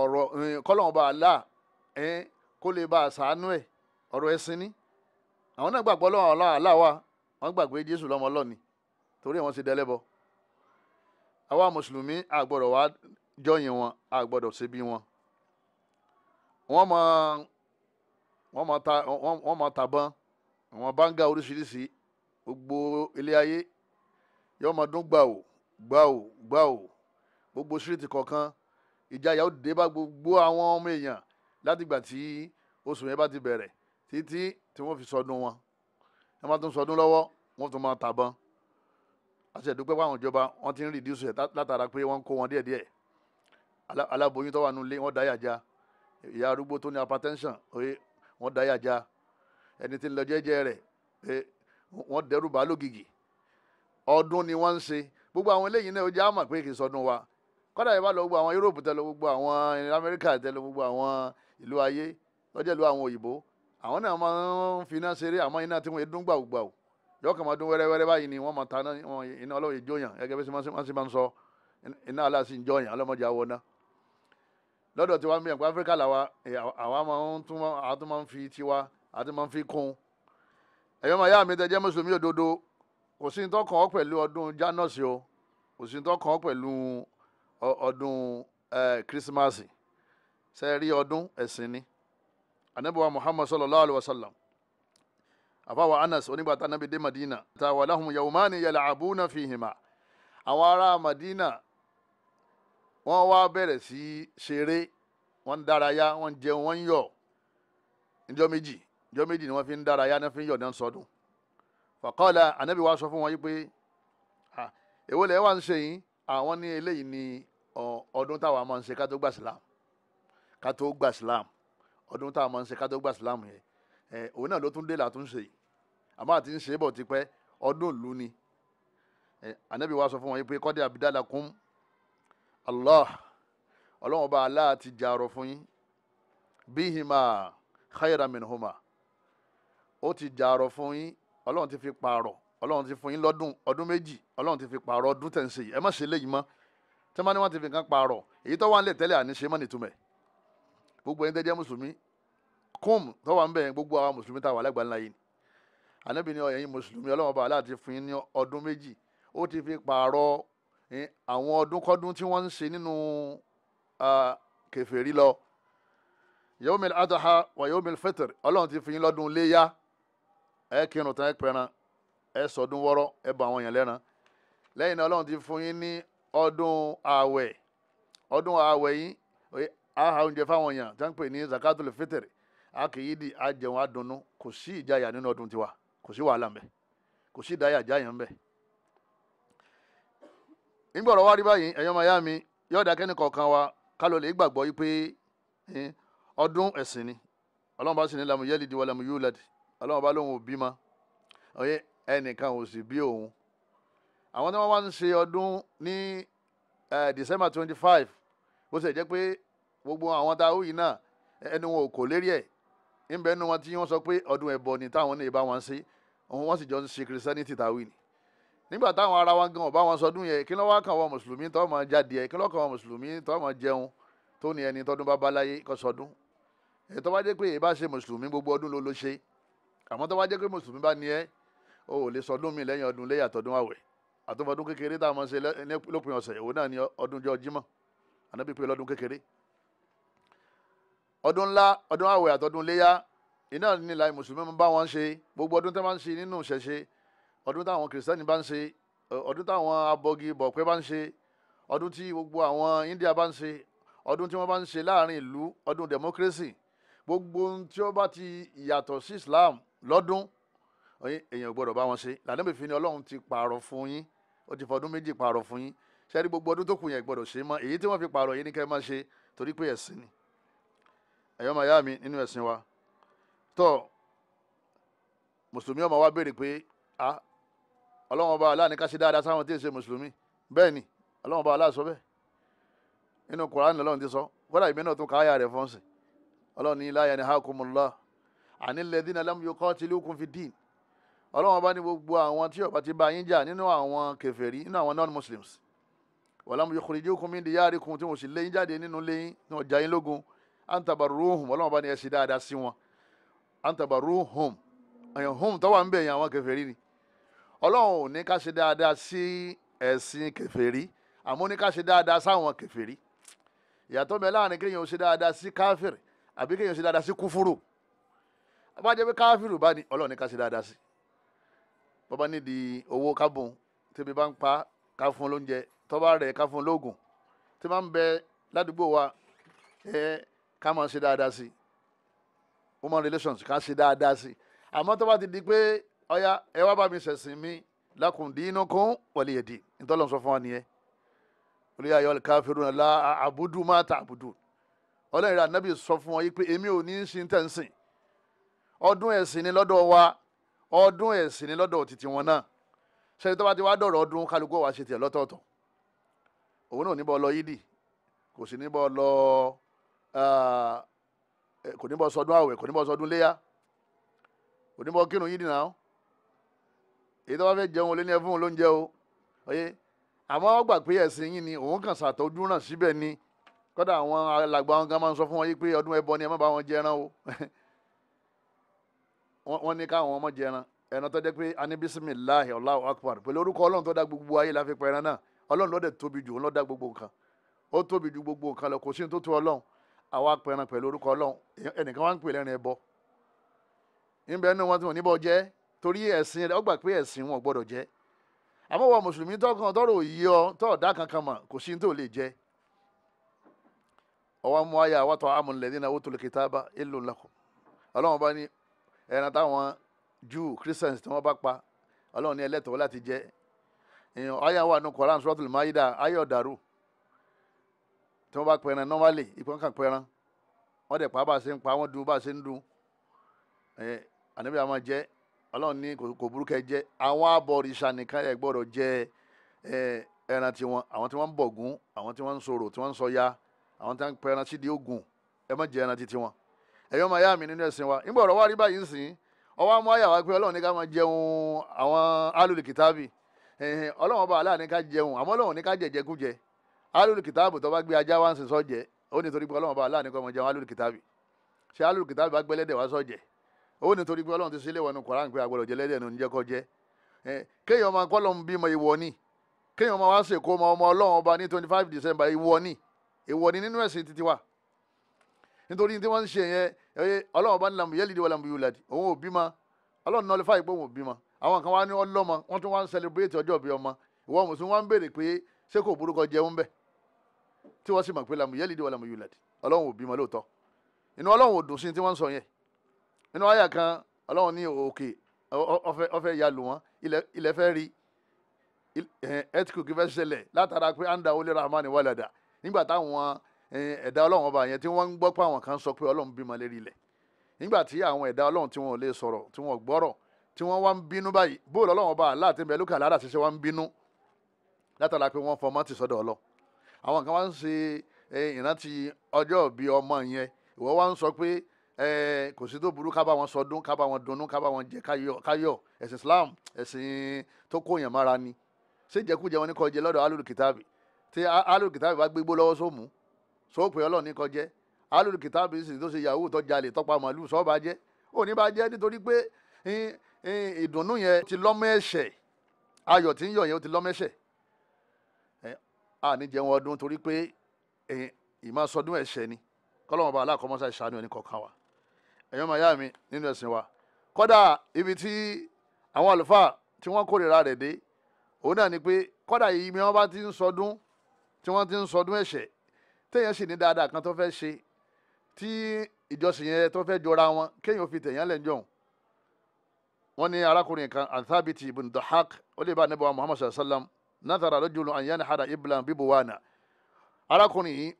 ọ̀rọ̀ eh, kọ́lọ́hún bá a là kó lè bá a ṣàánú ẹ̀ ọ̀rọ̀ ẹ̀sìn ni àwọn náà gbàgbọ́ lọ́wọ́ ọlọ́wọ́ aláwa wọ́n jọyìn wọn a gbọ́dọ̀ ṣe bí wọn wọ́n mọ wọ́n mọ ta wọ́n mọ tàbọn àwọn báńgá oríṣiríṣi gbogbo ilé ayé yóò mọ dún gbàù gbàù gbàù gbogbo síríìtì kọ̀ọ̀kan ìjayà ó dé bá gbogbo àwọn ọmọ èèyàn látìgbà tí oṣù yẹn bá ti bẹ̀rẹ̀ títí tí wọ́n fi sọdún wọn ẹ máa tún sọdún lọ́wọ́ wọ́n tún máa tàbọn àṣẹ ìdúpẹ́ fáwọn ìjọba wọ́n ti ń rìdíùsù ẹ̀ látara pé wọ́n ń kó wọn díẹ̀díẹ̀ aláboyún tó wà nulẹ̀ wọ́n dáyà já ìyá arúgbó tó ní hypertension wọ́n dáyà já ẹni tí ń lọ jẹ́jẹ́ rẹ̀ e, wọ́n dẹ́rù bá lógìgì ọdún ni wọ́n ń ṣe gbogbo àwọn eléyìí náà ó jẹ́ àmọ̀ pé kì í sọdún wa kọ́dà yìí bá lọ gbogbo àwọn Europe tẹ́lẹ̀ gbogbo àwọn Amẹ́ríkà tẹ́lẹ̀ gbogbo àwọn ìlú ayé lọ́jọ́ ìlú àwọn òyìnbó àwọn náà máa ń finá ṣeré àmọ́ iná tí wọ́n dún gbàùgbàù yọkàn máa dún wẹ́rẹ́wẹ́rẹ́ báyìí ni wọ́n máa ta iná ọlọ́run ìjọyàn gẹ́gẹ́ bí wọ́n ṣe máa ń sọ iná aláàsì ìjọyàn ọlọ́mọdé àwọn náà lọ́dọ̀ tiwa ń bí ẹ̀pẹ́ áfíríkà làwa eh, àwa máa ń tún máa ń fi tiwa àwa tún máa ń fi kún ẹ̀yọ́ màá yá mi tẹ́ jẹ́ mùsùlùmí òdodo kò sí ní tọkàn ọ́ pẹ̀lú ọdún jánọ̀sì o kò sí ní tọkàn ọ́ pẹ̀lú ọdún kírísímàsì sẹ́ẹ̀rí ọdún ẹ̀sìn ni anabiwa muhammad sallallahu alaihi wa sallam àfàwọ̀ anas onígbàtà nàbìdé madina tàwa lahum yawmani yal'abuna fihima àwọn ará madina wọ́n wá bẹ̀rẹ̀ sí ṣeré wọ́n ń dárayá wọ́n ń jẹun wọ́n ń yọ̀ níjọ́ méjì níjọ́ méjì ni wọ́n fi ń dárayá náà fi ń yọ̀ náà sọdún fàkọ́lá ànábì wa sọ fún wọn yìí pé èwo lẹ̀ wá ń ṣe yìí àwọn ní eléyìí ni ọdún táwa máa ń ṣe ká tó gba Islam ká tó gba Islam ọdún táwa máa ń ṣe ká tó gba Islam yẹn òun náà ló tún dé làtún ṣe yìí àmọ́ àti ń ṣe é bọ̀ tipẹ́ ọdún ìlú ni ànábì wa sọ fún wọn yìí pé kọ́dé abidalakum allah ọlọ́run bá aláà ti jàrọ̀ fún yín bíhìmà khayran minhuma ó ti jàrọ̀ fún yín ọlọ́run ti fi pààrọ̀ ọlọ́run ti fún yín lọ́dún ọdún méjì ọlọ́run ti fi pààrọ̀ ọdún tẹ̀ ń ṣe yìí ẹ má ṣe léyìí mọ́ tí wọ́n ní wọ́n ti fi nǹkan pààrọ̀ èyí tó wà ń lẹ̀ tẹ́lẹ̀ àníṣe mọ́ nìtumẹ̀ gbogbo ẹni tẹ́jẹ́ mùsùlùmí kùm tó wà ń bẹ̀ gbogbo àwa mùsùlùmí táwa alágbàńlá yìí ni ànábì ni àwọn ọdún tí wọ́n ń se nínú kèfèrí lọ yawmil adha wa yawmil fitr ọlọ́run ti fi yín lọ́dún léyà ẹ kírun tán ẹ pẹran ẹ sọdún wọ́rọ́ ẹ bọ àwọn èèyàn lẹ́ran lẹ́yìn náà ọlọ́run ti fún yín ní ọdún ààwẹ̀ ọdún ààwẹ̀ yín oúnjẹ fáwọn èèyàn tí wọ́n ń pè ní zakatul adùnnú kò sí ìjayà nínú ọdún tiwa kò sí wàhálà kò sí ìdáyà jáyà nígbà ọ̀rọ̀ wá rí báyìí ẹ̀yọ́ máa yá mi yóò dá kẹ́ni kọ̀ọ̀kan wa ká ló lè gbàgbọ́ yí pé ọdún ẹ̀sìn ni ọlọ́run bá sì ní lamu yẹ́lì diwọ́ lamu yóò lẹ́dì ọlọ́run bá lóun ò bí ma ẹnìkan ò sì bí òun àwọn tí wọ́n wá ń ṣe ọdún ní December twenty five bó ṣe jẹ́ pé gbogbo àwọn tá a hù yìí náà ẹnu wọn ò kò lérí ẹ̀ ńbẹ́nu wọn tí wọ́n sọ pé ọdún ẹ̀bọ ni táwọn ní ìbá wọn ṣe wọ́n sì jọ ń ṣe Christianity tàwí ni nígbà táwọn ara wa gan ọba wọn sọdún yẹn kí ló wá kàn wọn mùsùlùmí tó máa jáde ẹ kí ló kàn wọn mùsùlùmí tó máa jẹun tó ní ẹni tọdún bàbá láyé kó sọdún ẹ tó bá jẹ́ pé ìbá ṣe mùsùlùmí gbogbo ọdún ló ló ṣe àmọ́ tó bá jẹ́ pé mùsùlùmí bá ní ẹ o ò lè sọdún mi lẹ́yìn ọdún lẹ́yìn àtọdún àwẹ̀ àtọmọdún kékeré tá a máa ṣe lópin ọ̀sẹ̀ òun náà ni ọdún jọ jímọ̀ ànábì pé lọ́dún kékeré ọdún ńlá ọdún àwẹ̀ àtọdún léyà iná nílà mùsùlùmí bá wọn ṣe gbogbo ọdún tó máa ń ṣe nínú ìṣẹ̀ṣe ọdún táwọn kìrìsìtẹ́nì bá ń ṣe ọdún táwọn abọ́gi bọ̀pẹ́ bá ń ṣe ọdún tí gbogbo àwọn India bá ń ṣe ọdún tí wọ́n bá ń ṣe láàrin ìlú ọdún democracy gbogbo ohun tí ó bá ti yàtọ̀ sí Islam lọ́dún èèyàn gbọ́dọ̀ bá wọn ṣe lànàmì fi ni Ọlọ́run ti pààrọ̀ fún yín ó ti fọdún méjì pààrọ̀ fún yín sẹ́ni gbogbo ọdún tó kù yẹn gbọ́dọ̀ ṣe mọ́ èyí tí wọ́n fi pààrọ̀ yín ní kẹ́ máa ṣe torí pé ẹ̀sìn ni ẹ̀yọ́ màá yá mi nínú ẹ̀sìn wa tọ́ mùsùlùmí ọmọ wa béèrè pé ah ọlọ́run ọba aláàní ká ṣe dáadáa sáwọn tí ì ṣe mùsùlùmí bẹ́ẹ̀ ni ọlọ́run ọba aláà sọ bẹ́ẹ̀ nínú Kùránì ọlọ́run ti sọ kódà ìbí náà tún káyà rẹ̀ fọ́n sí ọlọ́run ní la yanhakumullah anil ladhina lam yuqatilukum fid din ọlọ́run ọba ní gbogbo àwọn tí ó bá ti bá yín jà nínú àwọn kèfèrí nínú àwọn non-muslims walam yukhrijukum min diyarikum tí wọ́n sì lé yín ọlọ́run ọba ní ọlọ́run ò ní ká ṣe dáadáa sí ẹ̀sìn kèfèrí àmọ́ ní ká ṣe dáadáa sáwọn kèfèrí ìyàtọ̀ bẹ láàrin kéèyàn ṣe dáadáa sí káfíìrì àbí kéèyàn ṣe dáadáa sí kúfúrú bá jẹ́ pé káfíìrì bá ní ọlọ́run ní ká ṣe dáadáa sí bọ́bá nídìí owó kábùn tẹ́bi bá ń pa ká fún lóúnjẹ tọ́ba rẹ̀ ká fún lóògùn tí máa ń bẹ ládùúgbò wa ẹ ká máa ṣe dáadáa sí human relations ká ṣe dáadáa sí àmọ́ tọ́ba ti di pé ọ̀yà ẹ wá bá mi ṣẹ̀sìn mi lakum dinukum waliya din ntọ́lọ́n sọ fún wa nìyẹn olùyà ayọ̀ kafiruna la àbùdù má ta àbùdù ọlọ́run rẹ̀ ànábì sọ fún wọn yìí pé èmi ò ní í sin tẹ̀ ọdún ẹ̀sìn ni lọ́dọ̀ wa ọdún ẹ̀sìn ni lọ́dọ̀ títí wọn náà ṣẹ́ni tó bá ti wá dọ̀rọ̀ ọdún kálukú wa ṣe tiẹ̀ lọ́tọ̀ọ̀tọ̀ òun náà ò ní bọ́ lọ yídì kò sì ní bọ́ lọ kò ní bọ́ sọdún àwẹ̀ kò ní bọ́ sọdún léyà èyí tó bá fẹ́ jẹun olé ní ẹ fún òun lóúnjẹ o oye àmọ́ ó gbà pé ẹ̀sìn yín ni òun kàn ṣàtọ́jú náà síbẹ̀ ni kódà àwọn alàgbà wọn gan máa ń sọ fún wọn yí pé ọdún ni ẹ má bá wọn jẹran o *laughs* wọn ní káwọn ọmọ jẹran ẹran tó pé anibisimilahi Allahu akbar pẹ̀lú orúkọ ọlọrun tó dá gbogbo ayé la fi pẹran náà gbogbo nǹkan ó tóbi gbogbo nǹkan lọ kò sí tó tó orúkọ ẹnìkan wá ń pè ẹbọ torí ẹ̀sìn rẹ̀ ó gbà pé ẹ̀sìn wọn gbọ́dọ̀ jẹ́ àmọ́ mùsùlùmí tọkàn tọrọ òyì ọ kankan kò sí ní tó lè jẹ́ ọwọ́ mú ayé àwọn tọ́ àmú lẹ́dínà ó tolókè tábà èlò ńlákọ̀ ọlọ́run bá ní ẹran táwọn Jew Christians tí wọ́n bá pa ọlọ́run ní ẹlẹ́tọ̀ọ́ láti jẹ́ èèyàn ayé àwọn àánú ayé ọ̀dàrú tí wọ́n bá normally ọlọ́run ní kò burúkẹ́ jẹ́ àwọn abọ̀rìṣà nìkan ẹ̀ gbọ́dọ̀ jẹ ẹran tiwọn àwọn tí wọ́n ń bọ̀gún àwọn tí wọ́n ń sọ̀rọ̀ tí wọ́n ń sọya àwọn tí wọ́n ń pẹran sídìí ogun ẹ má jẹ ẹran ti tiwọn ẹ̀yọ́ máa yá mi nínú ẹ̀sìn wa nígbà ọ̀rọ̀ wa rí báyìí sìn ọwọ́ amú àyà wa pé ọlọ́run ní ká máa jẹun àwọn alùlù ọlọ́run ọba aláàní ní ká jẹ ó ní torí pé ọlọ́run ti ṣe léwọ̀ nu koran pé agbọ́dọ̀ jẹlẹ́dẹ̀ nu níjẹ́ kọ́ jẹ́ kéèyàn máa kọ́ lọ́run bímọ ìwọ ni kéèyàn máa wá ṣèkó ọmọ ọmọ ọlọ́run ọba ní twenty five december ìwọ ni ìwọ ni nínú ẹ̀sìn títí wa nítorí tí wọ́n ń ṣe yẹn ọlọ́run ọba ní làmú yẹ́lì ìdíwọ̀ làmú yóò ládì òun ò bímọ ọlọ́run náà lè fà ìpé òun ò bímọ àwọn kan wá ní ọlọ́mọ wọ́n tún wá ń celebrate ọjọ́ bí ọmọ ìwọ mùsùlùmí wá ń béèrè pé ṣé kò burúkọ jẹun bẹ́ẹ̀ tí wọ́n sì mọ̀ pé làmú yẹ́lì ìdíwọ̀ làmú yóò ọlọ́run ò bímọ lóòótọ́ inú ọlọ́run ò dùn sí tí wọ́n ń sọ yẹn nínú àyà kan ọlọ́run ní òkè ọfẹ́ ya lò wọ́n ilẹ̀ fẹ́ rí earthquake fẹ́ ṣẹlẹ̀ látara pé anda olè rahman wàlàdà nígbà táwọn ẹ̀dá ọlọ́run ọba yẹn tí wọ́n ń gbọ́ pé àwọn kan sọ pé ọlọ́run bímọ lérí ilẹ̀ nígbà tí àwọn ẹ̀dá ọlọ́run tí wọn ò lè sọ̀rọ̀ tí wọn ò gbọ́rọ̀ tí wọ́n wá ń bínú báyìí bóòlù ọlọ́run ọba Allah tí ń bẹ lókè àlàdà ṣiṣẹ́ wá ń bínú látara pé wọ́n fọmọ́ ti sọ́dọ̀ ọlọ́ àwọn kan wá ń ṣe ìrántí ọjọ́ bíi ọmọ yẹn ìwọ wá ń sọ pé Eh, kò sí tó burú ká bá wọn sọdún ká bá dunnú ká jẹ káyọ̀ ẹ̀sìn Islam ẹ̀sìn tó kóyàn mára ni ṣé jẹkújẹ wọn ní kọjẹ lọ́dọ̀ alùkìtàbì tí alùkìtàbì bá gbégbó lọ́wọ́ sómù sóòpè Ọlọ́run ní kọjẹ alùkìtàbì sì tó ṣe yahoo tó jalè tọpa màálù sọọba jẹ òní bá jẹ nítorí pé ìdùnnú yẹn ti lọ́mọ ẹ̀ṣẹ̀ ayọ̀ tí ń yọ̀ yẹn ó ti lọ́mọ ẹ̀ṣẹ̀ àní eh, jẹun ọdún torí pé ìmọ̀ sọdún ẹ̀ṣẹ̀ ni kọ́lọ́mọba aláàkọ́mọ́sá ìṣàánú ẹni kọ̀ọ̀kan wa ẹ̀yọ́ máa yá mi nínú ẹ̀sìn wa kọ́dà ibi tí àwọn àlùfáà tí wọ́n kórìíra rẹ̀ dé òun náà ni pé kọ́dà yìí mi wọ́n bá ti ń sọdún tí wọ́n ti ń sọdún ẹ̀ṣẹ̀ téèyàn sì ní dáadáa kan tó fẹ́ ṣe tí ìjọsìn yẹn tó fẹ́ jọra wọn kéèyàn fi tẹ̀yàn lẹ̀ wọ́n ní arákùnrin kan athabiti ibn dahak ó lè wa muhammad sallallahu alaihi wa sallam nathara rajulun an yanhara iblan bibuwana arákùnrin yìí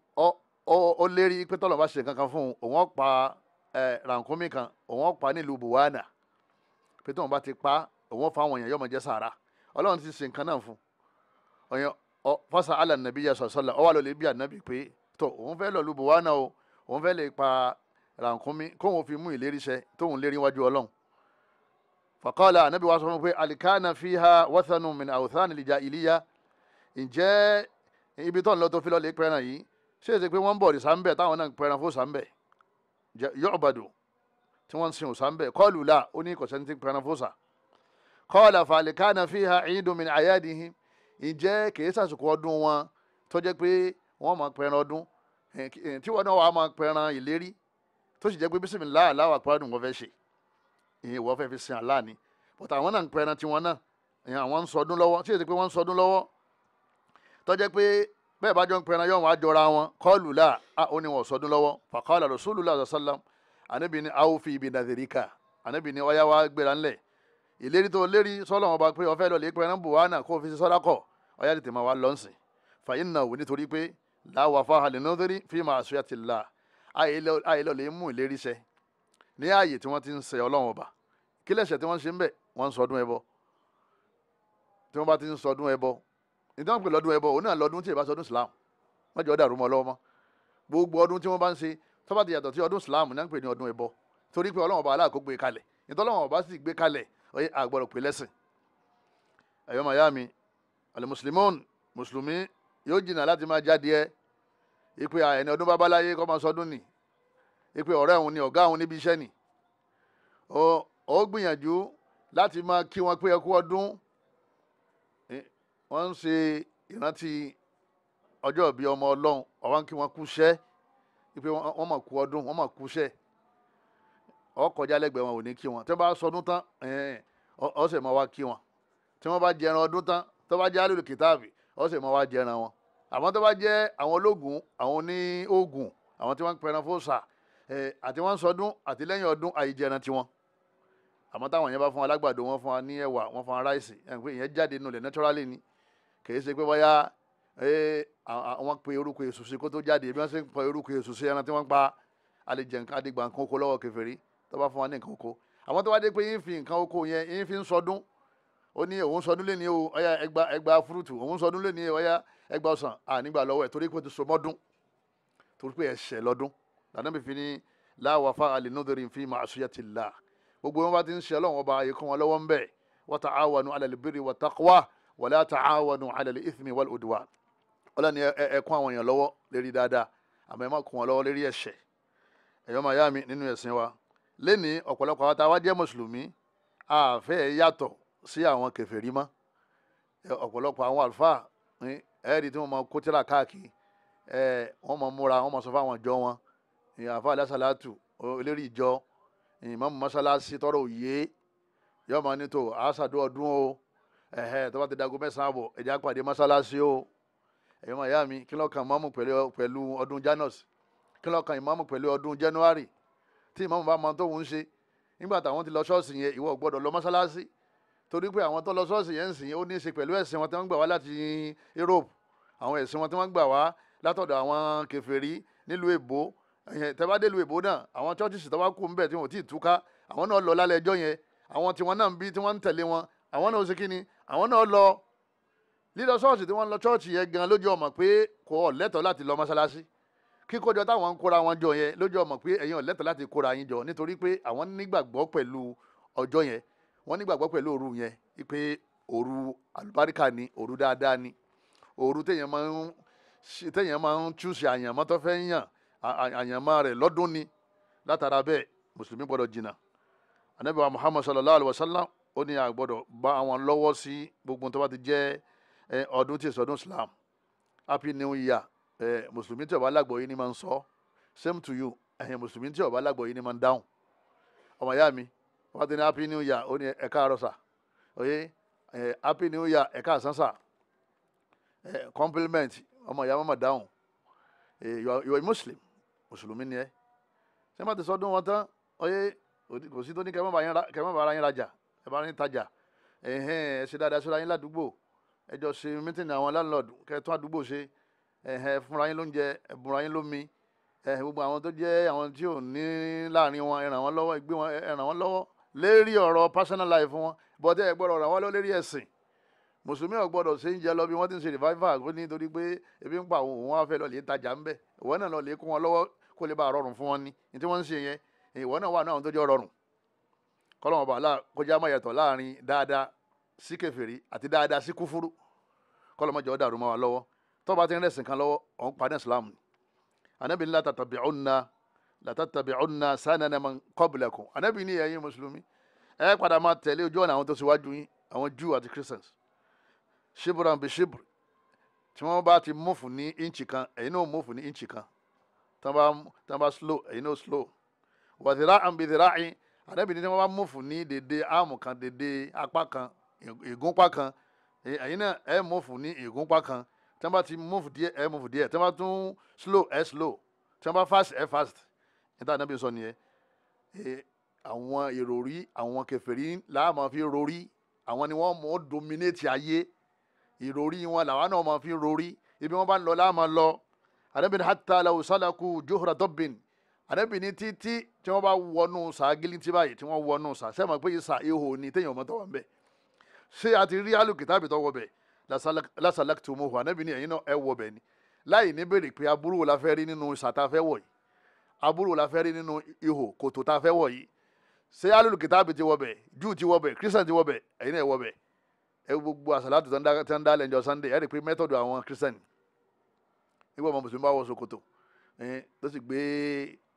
ó lérí pé tọ́lọ̀ bá ṣe kankan fún òun ó rànkúnmí kan òun pa nílùú buwana pé tóun bá ti pa òun fa àwọn èèyàn yóò jẹ sàrà ti ṣe nǹkan náà fún ọyàn fọsà alànàbí yasọ sọlá ọwọ́ àlọ́ lè bí ànábì pé tó òun fẹ́ lọ lu buwana o òun fẹ́ lè pa rànkúnmí kóun fi mú ìlérí ṣẹ tóun lérí wájú ọlọ́run fàkọ́lá ànábì wa sọ fún pé alikana fi ha wọ́sánù min àwòsàn ìlìjà ìlíya ibi tó ń lọ tó fi lọ lè yìí ṣé pé yu'badu tí wọ́n ń sin òsán bẹ́ẹ̀ kọ́ọ̀lù la ó ní kọ̀sẹ́ntì pẹ̀nàfọ́sà kọ́ọ̀lù àfàlìkánà fiha ìdùn min àyádìhìn ìjẹ́ kìí sàsìkò ọdún wọn tó jẹ́ pé wọ́n máa pẹran ọdún tí wọ́n náà wàá máa pẹran ìlérí tó sì jẹ́ pé bísímìlá aláwọ̀ àpárádùn wọn fẹ́ ṣe ìyẹn ìwọ́ fẹ́ fi sin àlá ni bọ́tà àwọn náà ń pẹran tiwọn náà àwọn ń sọdún lọ́wọ́ tí èsì pé wọ́n ń sọdún lọ́wọ́ tó pé bẹ́ẹ̀ bá jọ ń pẹran yọ̀hún àjọra wọn kọ́ọ̀lù là á ó ní wọn sọdún lọ́wọ́ fàkọ́ọ̀lù àlọ́sọ́lù là sàlám ànábì ni àwọn fi ibi nàzìríkà ànábì ni ọ̀yá wa gbéra ńlẹ̀ ìlérí tó lérí sọ́lọ́ wọn bá pé ọ̀fẹ́ lọ lè pẹran buhana kó fi sọ́dá kọ̀ ọ̀yá tètè máa wá lọ́nsìn fàyín náà wò nítorí pé láwa fáhàlì nọ́dírí nítorí pé lọ́dún ẹbọ òun náà lọ́dún tí ìbáṣọ ọdún Islam má jẹ́ ó dàrú mọ́ lọ́wọ́ mọ́ gbogbo ọdún tí wọ́n bá ń ṣe tó bá ti yàtọ̀ tí ọdún Islam náà ń pè ní ọdún ẹbọ torí pé Ọlọ́run ọba aláàkó gbé kalẹ̀ nítorí Ọlọ́run ọba sì gbé kalẹ̀ ọyẹ àgbọ̀rọ̀ pé lẹ́sìn ẹ̀yọ́ mayami alimuslimon mùsùlùmí yóò jìnnà láti máa jáde ẹ ipe ẹni ọdún babaláyé kọ́ máa sọdún ni ipe ọ̀rẹ́ òun ni ọ̀gá òun níbi iṣẹ́ ni ó gbìyànjú láti máa kí wọn pé ẹ ọdún wọ́n ń ṣe ìrántí ọjọ́ ìbí ọmọ ọlọ́run ọ̀wá ń kí wọ́n kú ṣẹ́ pé wọ́n mọ̀ kú ọdún wọ́n mọ̀ kú ṣẹ́ ọkọjá lẹ́gbẹ̀ẹ́ wọn ò ní kí wọn tí wọ́n bá sọdún tán ọ̀sẹ̀ mọ́ wá kí wọn tí wọ́n bá jẹran ọdún tán tó bá jẹ́ alùlù kìtàbì ọ̀sẹ̀ mọ́ wá jẹran wọn àmọ́ tó bá jẹ́ àwọn ológun àwọn oní oògùn àwọn tí wọ́n ń pẹran fóòsà àti wọ́n sọdún àti lẹ́yìn ọdún àìjẹran tiwọn àmọ́ táwọn yẹn bá fún wa lágbàdo fún wa ní ẹ̀wà wọ́n fún wa ráìsì ẹ̀ ń pè yẹn jáde nulẹ̀ naturally ni kìí ṣe pé bóyá wọ́n pe orúkọ Èṣù sí kó tó jáde bí wọ́n ṣe ń pa orúkọ Èṣù sí ẹran tí wọ́n pa àlejò nǹkan àdìgbà nǹkan oko lọ́wọ́ kèfèrí tó bá fún wa ní nǹkan oko àwọn tó wá dé pé yín fi nǹkan oko yẹn yín fi ń sọdún ó ní òun sọdún lé ní o ọyá ẹgba ẹgba fúrúùtù òun sọdún lé ní ọyá ẹgba ọsàn ànígbà lọ́wọ́ ẹ̀ torí pé ti so mọ́dún torí pé ẹ̀ṣẹ̀ lọ́dún lànà mi fi ní láwa fa àlìnúdòrì fi máa ṣúyà ti là gbogbo wọn bá ti ń ṣe ọlọ́run ọba àyíkọ́ wọn lọ́wọ́ ń bẹ̀ wọ́n ta àwọn àlẹ́ wala ta'awanu 'ala al-ithmi wal-udwan ọlọ́run ni ẹ kún àwọn èèyàn lọ́wọ́ lérí dáadáa àmọ́ ẹ má kún wọn lọ́wọ́ lérí ẹ̀ṣẹ̀ ẹ̀yọ́ máa yá mi nínú ẹ̀sìn wa lẹ́ni ọ̀pọ̀lọpọ̀ àwọn táwa jẹ́ mùsùlùmí àfẹ́ yàtọ̀ sí àwọn kèfèrí mọ́ ọ̀pọ̀lọpọ̀ àwọn àlùfáà ẹ̀ẹ́dì tí wọ́n máa kó tíra káàkiri wọ́n máa múra wọ́n máa ẹ̀hẹ́ tó bá ti dago mẹ́sàn-án àbọ̀ ẹ̀já pàdé mọ́sálásí o ẹ̀yin ọmọ ìyá mi kí ló kan ìmáàmù pẹ̀lú ọdún Janus kí ló kan ìmáàmù pẹ̀lú ọdún January tí ìmáàmù bá mọ tóun ń ṣe nígbà táwọn ti lọ ṣọ́ọ̀ṣì yẹn ìwọ gbọ́dọ̀ lọ mọ́sálásí torí pé àwọn tó lọ ṣọ́ọ̀ṣì yẹn ń sìn ó ní í ṣe pẹ̀lú ẹ̀sìn wọn tí wọ́n gbà wá láti Europe àwọn ẹ̀sìn wọn tí wọ́n gbà wá látọ̀dọ̀ àwọn kèfèrí nílùú èbó tẹ́bádélùú èbó náà àwọn chọ́ọ̀chì tó wá kú ńbẹ̀ tí wọn ò tí ì túká àwọn náà lọ lálẹ́ ẹjọ́ yẹn àwọn tiwọn náà ń bí tí wọ́n ń tẹ̀lé wọn àwọn náà ó ṣe kí ni àwọn náà lọ lílọ ṣọ́ọ̀ṣì tí wọ́n lọ ṣọ́ọ̀ṣì yẹn gan lójú ọmọ pé kò ọ̀ lẹ́tọ̀ọ́ láti lọ mọ́ṣáláṣí kíkójọ táwọn ń kóra wọn jọ yẹn lójú ọmọ pé ẹ̀yin ọ̀ lẹ́tọ̀ọ́ láti kóra yín jọ nítorí pé àwọn nígbàgbọ́ pẹ̀lú ọjọ́ yẹn wọ́n nígbàgbọ́ pẹ̀lú òru yẹn pé òru àlùbáríkà ni òru dáadáa ni òru téèyàn máa ń téèyàn máa ń túṣe àyànmọ́ tó fẹ́ yàn àyànmọ́ rẹ̀ lọ́dún ni látara bẹ́ẹ̀ mùsùlùmí gbọ́dọ̀ jìnnà anábìwá Muhammad sallallahu alayhi wa sallam ó ní àgbọ́dọ̀ bá àwọn lọ́wọ́ sí gbogbo tó bá ti jẹ́ ọdún tí èso ọdún Islam happy new year mùsùlùmí tí ó bá lágbọ́ yìí ni máa ń sọ same to you ẹ̀yin mùsùlùmí tí ó bá lágbọ́ yìí ni máa ń dáhùn ọmọ ìyá mi wọ́n ti ní happy new year ó ní ẹ̀ka àrọ́sà oye happy new year ẹ̀ka àsánsà compliment ọmọ ìyá mọ́mọ́ dáhùn you are muslim mùsùlùmí ni ẹ sẹ́ńbà ti sọdún wọn tán oye kò sí tó ní kẹ́mọ́ bá ara yín rajà ẹ bá rí ìtajà ẹ ṣe dáadáa síra yín ládùúgbò ẹ jọ ṣe mítìnì àwọn landlord kẹtún àdúgbò ṣe ẹ fúnra yín lóúnjẹ ẹ bùnra yín lómi ẹ gbogbo àwọn tó jẹ àwọn tí ò ní láàrin wọn ẹ ràn wọ́n lọ́wọ́ ẹ gbé wọn ẹ lérí ọ̀rọ̀ personal life wọn bọ́tẹ́ ẹ gbọ́dọ̀ ràn wọ́n lọ lérí ẹ̀sìn mùsùlùmí ò gbọ́dọ̀ ṣe ń jẹ lọ bí wọ́n ti ń ṣe revival kó ní torí pé ebi ń pa àwọn òun wá fẹ́ lọ lè tajà ń bẹ̀ ìwọ náà lọ lè kó wọn lọ́wọ́ kó lè bá rọrùn fún wọn ni ní tí wọ́n ń ṣe yẹn ìwọ náà wà náà tó jẹ́ rọrùn kọ́lọ́mù ọba aláà kọjá máa yàtọ̀ láàrin dáadáa sí kèfèrí àti dáadáa sí kúfúrú kọ́lọ́mù ọjọ́ dàrú mọ́ wa lọ́wọ́ tó bá ti ń rẹ̀sìn kan lọ́wọ́ ọ̀hún padà islam ni anabi ní latatabi'unna latatabi'unna sanana man qablakum anabi ní ẹ̀yin mùsùlùmí ẹ padà máa tẹ̀lé ojú ọ̀nà àwọn tó ṣíwájú yín àwọn jew àti christians shibran bi shibr tí wọ́n bá ti múfù ní inchi kan ẹ̀yin náà múfù ní inchi kan tán bá slow ẹ̀yin náà slow wàdìrá àǹbìdìrá yín ànábì ní tí wọ́n bá múfù ní dédé áàmù kan dédé apá kan ìgúnpá kan ẹ̀yin náà ẹ̀ múfù ní ìgúnpá kan tí wọ́n bá ti múfù díẹ̀ ẹ̀ múfù díẹ̀ tí wọ́n bá tún slow ẹ̀ slow tí wọ́n bá fast ẹ̀ fast níta ànábì sọ nìyẹn àwọn ìròrí àwọn kèfèrí làá máa fi rorí àwọn ni wọ́n mọ̀ dominate ayé ìròrí wọn làwọn náà máa fi rorí ibi wọ́n bá ń lọ làá máa lọ ànábì hatta law salaku juhra dubbin àdẹ́bìnrin títí tí wọ́n bá wọnú sàágìlì tí báyìí tí wọ́n wọnú sà sẹ́mọ̀ pé sà ihò ni téèyàn ọmọ tọwọ́ bẹ́ẹ̀ ṣé a ti rí alùkìtàbí tọwọ́ bẹ́ẹ̀ lásàlákìtìmọ̀hù àdẹ́bìnrin ẹ̀yin náà ẹ wọ bẹ́ẹ̀ ni láì ní béèrè pé aburú la fẹ́ rí nínú sà tá a fẹ́ wọ̀ yìí aburú la fẹ́ rí nínú ihò kòtò tá a fẹ́ wọ̀ yìí ṣé alùkìtàbí ti wọ bẹ́ẹ̀ júù ti wọ bẹ́ẹ̀ kírísítàn ti wọ bẹ́ẹ̀ ẹ̀yin náà ẹ wọ bẹ́ẹ̀ ẹ gbogbo àsàlátù tí wọ́n dá lẹ́jọ́ sunday ẹ rí i pé mẹ́tọ̀dù àwọn kírísítàn nígbà ọmọ mùsùlùmí bá wọ ṣòkòtò tó sì gbé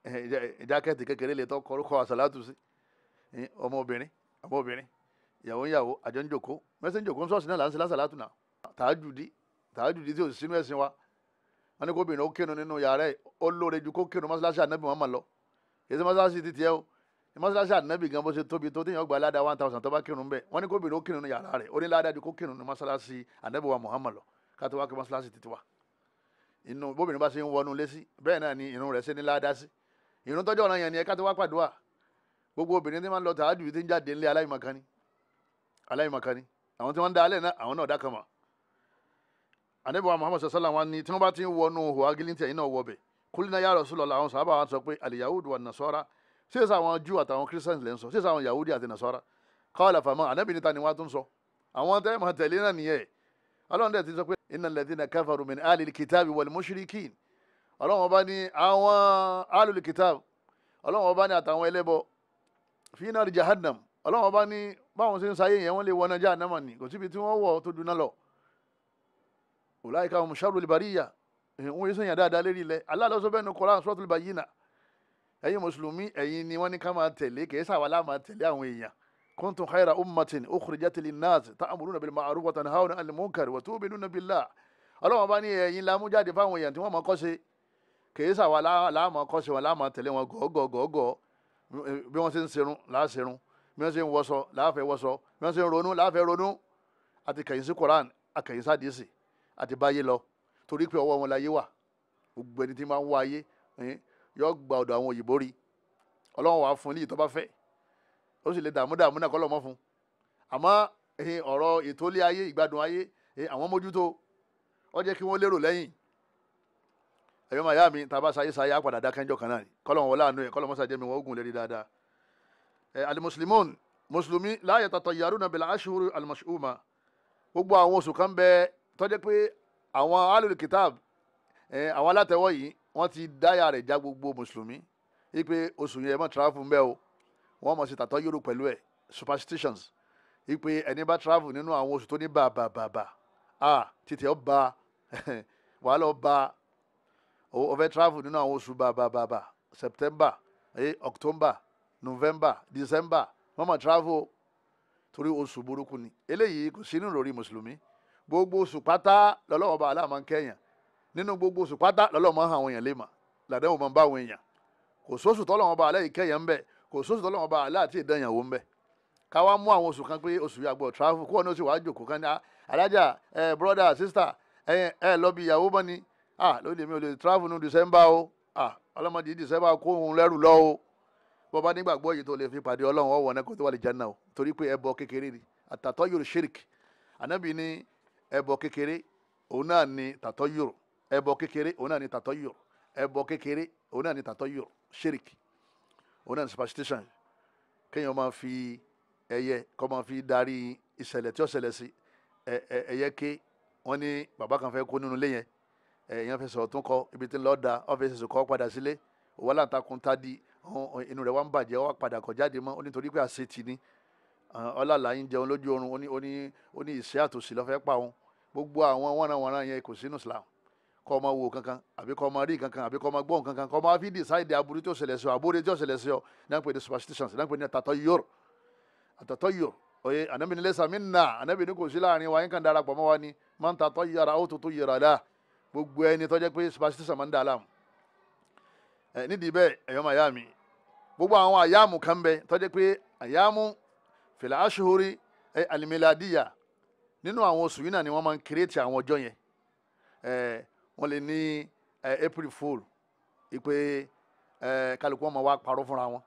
ìdákẹ́tì kékeré lè tọ́ kọ́rúkọ àṣàlátù sí ọmọbìnrin ọmọbìnrin ìyàwó ìyàwó àjọ ń jòkó mẹsẹ̀ ń jòkó ń sọ́ọ̀sì náà là ń ṣe lásàlátù náà tàájùdí tàájùdí tí ò sínú ẹ̀sìn wa wọn ní kóbìnrin ó kírun nínú yàrá ẹ̀ ó lóore ju kó kírun mọ́ṣáláṣí ànábì wọn mà lọ èsì mọ́ṣáláṣí ti tiẹ́ o mọ́ṣáláṣí ànábì gan bó ṣe tóbi tó téèyàn gba ládàá one thousand tó bá kírun bẹ́ẹ̀ wọn ní kóbìnrin ó kírun nínú yàrá rẹ̀ ó ní ládàá ju kó Muhammad lọ kátó wá kí mọ́ṣáláṣí ti tiwa inú bóbìnrin bá ṣe ń bẹ́ẹ̀ ni irun rẹ̀ ṣe ìrun tọ́jú ọ̀ràn yẹn ni ẹ̀ka tó wá pàdúrà gbogbo obìnrin tí máa ń lọ tààdù tí ń jáde nílé aláìmọ̀kání aláìmọ̀kání àwọn tí wọ́n ń da alẹ́ náà àwọn náà dákan mọ̀ Muhammad sọ̀sọ́lá wọn ni tí wọ́n bá ti ń wọnú ohò agilintì ẹ̀yìn náà wọ bẹ̀ kúlínà ya Rasulullah àwọn sàhábà wa sọ pé al-Yahud wa Nasara àwọn Júù àtàwọn Christians lẹ́ sọ sísè àwọn Yahudi àti Nasara qala fama ànábì ni wọ́n tún sọ àwọn tẹ́ mọ̀ tẹ̀lé náà nìyẹn Ọlọ́run ti sọ pé innal ladhina kafaru min ahli al-kitabi wal mushrikin ọlọ́run ọba ní àwọn alul kitab ọlọ́run ọba ní àtàwọn ẹlẹ́bọ fi nari jahannam ọlọ́run ọba ní báwọn ṣe ń sáyé yẹn wọ́n lè wọ́n náà jahannama ni kò síbi tí wọ́n wọ̀ tó dunná lọ. ulaika hum sharrul bariyya òun yìí sèyàn dáadáa lérí ilẹ̀ Allah ló sọ bẹ́ẹ̀ ní Qur'an suratul bayyina ẹ̀yin mùsùlùmí ẹ̀yin ni wọ́n ní ká máa tẹ̀lé kì í sàwọn aláàmà tẹ̀lé àwọn èèyàn kuntum khayra ummatin ukhrijat linnas ta'muruna bil ma'ruf wa tanhawna 'anil munkar wa tu'minuna billah ọlọ́run ọba ní ẹ̀yin lámújáde fáwọn èèyàn tí wọ́n mọ̀ kọ́ ṣe kèé sàwa láàmú kọ́sí wọn láàmú tẹ̀lé wọn gọ́gọ́gọ́gọ́ bí wọ́n ṣe ń serun láàṣerun bí wọ́n ṣe ń wọṣọ láàfẹ́ wọṣọ bí wọ́n ṣe ń ronú láàfẹ́ ronú àti kẹ̀yìn sí Quran àkẹ̀yìn sádìsì àti báyé lọ torí pé ọwọ́ wọn láyé wà gbogbo ẹni tí máa ń wá ayé yóò gba ọ̀dọ̀ àwọn òyìnbó rí ọlọ́run wàá fún ní ìtọ́ bá fẹ́ ó sì lè dààmú dààmú náà kọ́lọ́mọ́ fún àmọ́ ọ̀rọ̀ ètò ilé ayé ìgbádùn ayé àwọn mójútó ó jẹ́ kí wọ́n lérò lẹ́yìn ẹ̀yọ́ màá yá mi tá a bá sáyé sáyé àpàdà dákẹ́jọ́ kan náà ni kọ́lọ̀ wọlé àánú yẹn kọ́lọ̀ mọ́sá jẹ́mi wọ́n ogun lérí dáadáa. ẹ alimuslimon mùsùlùmí láàyè tàtọ̀ yàrá nàbẹ̀ láṣúrú alimusuma gbogbo àwọn oṣù kan bẹ tọ́jẹ́ pé àwọn alul kitab ẹ àwọn alátẹ̀wọ́ yìí wọ́n ti dáyà rẹ̀ já gbogbo mùsùlùmí yìí pé oṣù yẹn mọ̀ travel mbẹ́ o wọ́n mọ̀ sí tàtọ̀ yòrò pẹ̀lú ẹ̀ superstitions yìí ẹni bá travel nínú àwọn oṣù tó ní bàbàbàbà ah títí ọba *laughs* wàhálà ọba ọbẹ̀ travel nínú àwọn oṣù bàbàbàbà september eh, october november december Mama travel torí oṣù burúkú ni eléyìí kò sí nínú lórí mùsùlùmí gbogbo oṣù pátá lọ́lọ́wọ́ bá aláàmọ́ ń kẹ́yàn nínú gbogbo oṣù pátá lọ́lọ́wọ́ máa ń hàn àwọn èèyàn lè mà làdẹ́wò máa ń bá àwọn èèyàn kò sóṣù tọ́lọ́wọ́ bá aláì kẹ́yàn ń bẹ̀ kò sóṣù tọ́lọ́wọ́ bá aláà tí ì dán káwá mú àwọn oṣù kan pé oṣù yàgbọ́ travel kó wọn ní oṣù wàá jòkó kan ní ah, alájà eh, brother sister ẹ eh, ẹ lọ bí ìyàwó bọ́ ni ah lóde mi ò lè travel ní December o ah ọlọ́mọdé December kó òun lẹ́rù lọ o bọ́ba nígbàgbọ́ yìí tó lè fi pàdé ọlọ́run ọ̀wọ́ náà kó tó wà lè jẹ́nà o torí pé ẹbọ kékeré ni àtàtọ́ yòrò shirk ànábì ní ẹbọ kékeré òun náà ni tàtọ́ yòrò ẹbọ kékeré òun náà ni tàtọ́ yòrò ẹbọ kékeré òun náà ni tàtọ́ yòrò shirk òun náà ni superstition kéèyàn máa fi ẹyẹ kó máa fi darí ìṣẹ̀lẹ̀ tí ó ṣẹlẹ̀ sí ẹyẹ ké wọ́n ní bàbá kan fẹ́ kó nínú ilé yẹn Eh, èèyàn fẹsẹ̀ ọ̀tún kọ ibi tí ń lọ́ọ́ da ọ́fíìsì sùn kọ́ padà sílé òwò aláǹtakùn tá di inú rẹ̀ wá ń bàjẹ́ wá padà kọ̀ jáde mọ́ ó nítorí pé àṣetì ni ọlọ́lá yín jẹun lójú oorun ó ní ìṣẹ́ àtòsí lọ́fẹ́ pa òun gbogbo àwọn wọ́nranwọ̀nran yẹn kò sínú Islam kọ́ ọmọ wo kankan àbí kọ́ ọmọ rí kankan àbí kọ́ ọmọ gbọ́n kankan kọ́ ọmọ afi decide aburú tí ó ṣẹlẹ̀ sí ọ aburú tí ó ṣẹlẹ̀ sí ọ náà pè ní superstitions náà pè ní àtàtọ́ yor àtàtọ́ yor oye anabi ni lẹ́sàmínà anabi ni kò sí láàrin wa yín kan darapọ̀ mọ́ wa ni máa ń tàtọ́ yàrá ó tuntun yàrá dáa gbogbo ẹni ni jẹ́ pé superstition máa ń dà á láàmú ẹ gbogbo àwọn ayamu kan bẹ tó pé àyàmù fìlà aṣọ́hórí ẹ n'inu nínú àwọn oṣù yìí náà ni wọ́n máa ń àwọn yẹn ẹ wọ́n lè ní ẹ April Fool ìpè ẹ kálukú wọn máa wá parọ́ fúnra wọn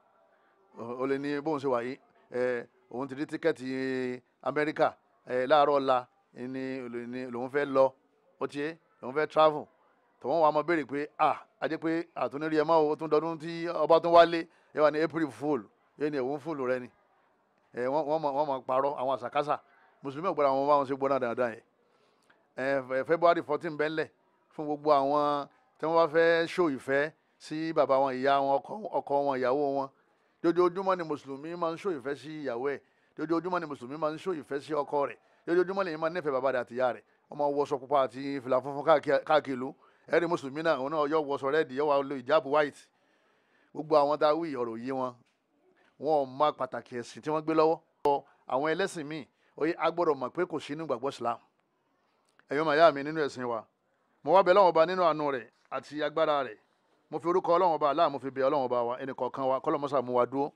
ó lè ní bóun ṣe wà yìí ẹ òun ti di tíkẹ́ẹ̀tì Amẹ́ríkà ẹ láàárọ̀ ni lòun lọ lòun fẹ́ travel tòun wà á mọ béèrè pé ah ajẹ́ pé àtúndérí ẹ mọ́ o tún dọdún tí ọba tún wálé ẹ wà ní april fool yé ni òun fúlù rẹ ni ẹ wọ́n mọ̀ wọ́n mọ̀ parọ́ àwọn àṣàkáṣà mùsùlùmí ọ̀gbọ́dọ̀ àwọn bá wọn ṣe gbọ́dọ̀ dáadáa yẹn ẹ february fourteen bẹ́ńlẹ̀ fún gbogbo àwọn tí wọ́n bá fẹ́ ṣó ìfẹ́ sí bàbá wọn ìyá wọn ọkọ wọn ìyàwó wọn dojoojúmọ́ ni mùsùlùmí máa ń ṣó ìfẹ́ sí ìyàwó ẹ̀ dojoojúmọ́ ni mùsùlùmí máa ń ṣó ìfẹ́ sí ọkọ rẹ̀ dojoojúmọ́ lèyìn máa nífẹ̀ẹ́ bàbá rẹ̀ àtìyá rẹ̀ wọ́n máa wọṣọ pupa àti fìlà funfun káàkiri ìlú ẹ̀rí mùsùlùmí náà òun náà yọ wọṣọ rẹ́ẹ̀dì yọ wà lo ìjáàbù white gbogbo àwọn tá a wí ọ̀rọ̀ yìí wọn wọn ò mọ pàtàkì ẹ̀sìn tí wọ́n gbé lọ́wọ́ àwọn ẹlẹ́sìn míì oye a gbọ́dọ̀ mọ̀ pé kò sí nínú ìgbàgbọ́ Islam ẹ̀yọ́ màyá mi nínú ẹ̀sìn wa mo wá bẹ Ọlọ́hun Ọba nínú àánú rẹ̀ àti agbára rẹ̀ mo fi orúkọ Ọlọ́hun Ọba Allah mo fi bẹ Ọlọ́hun Ọba wa ẹnì kọ̀ọ̀kan wa kọ́lọ́mọ́sà mú wa dúró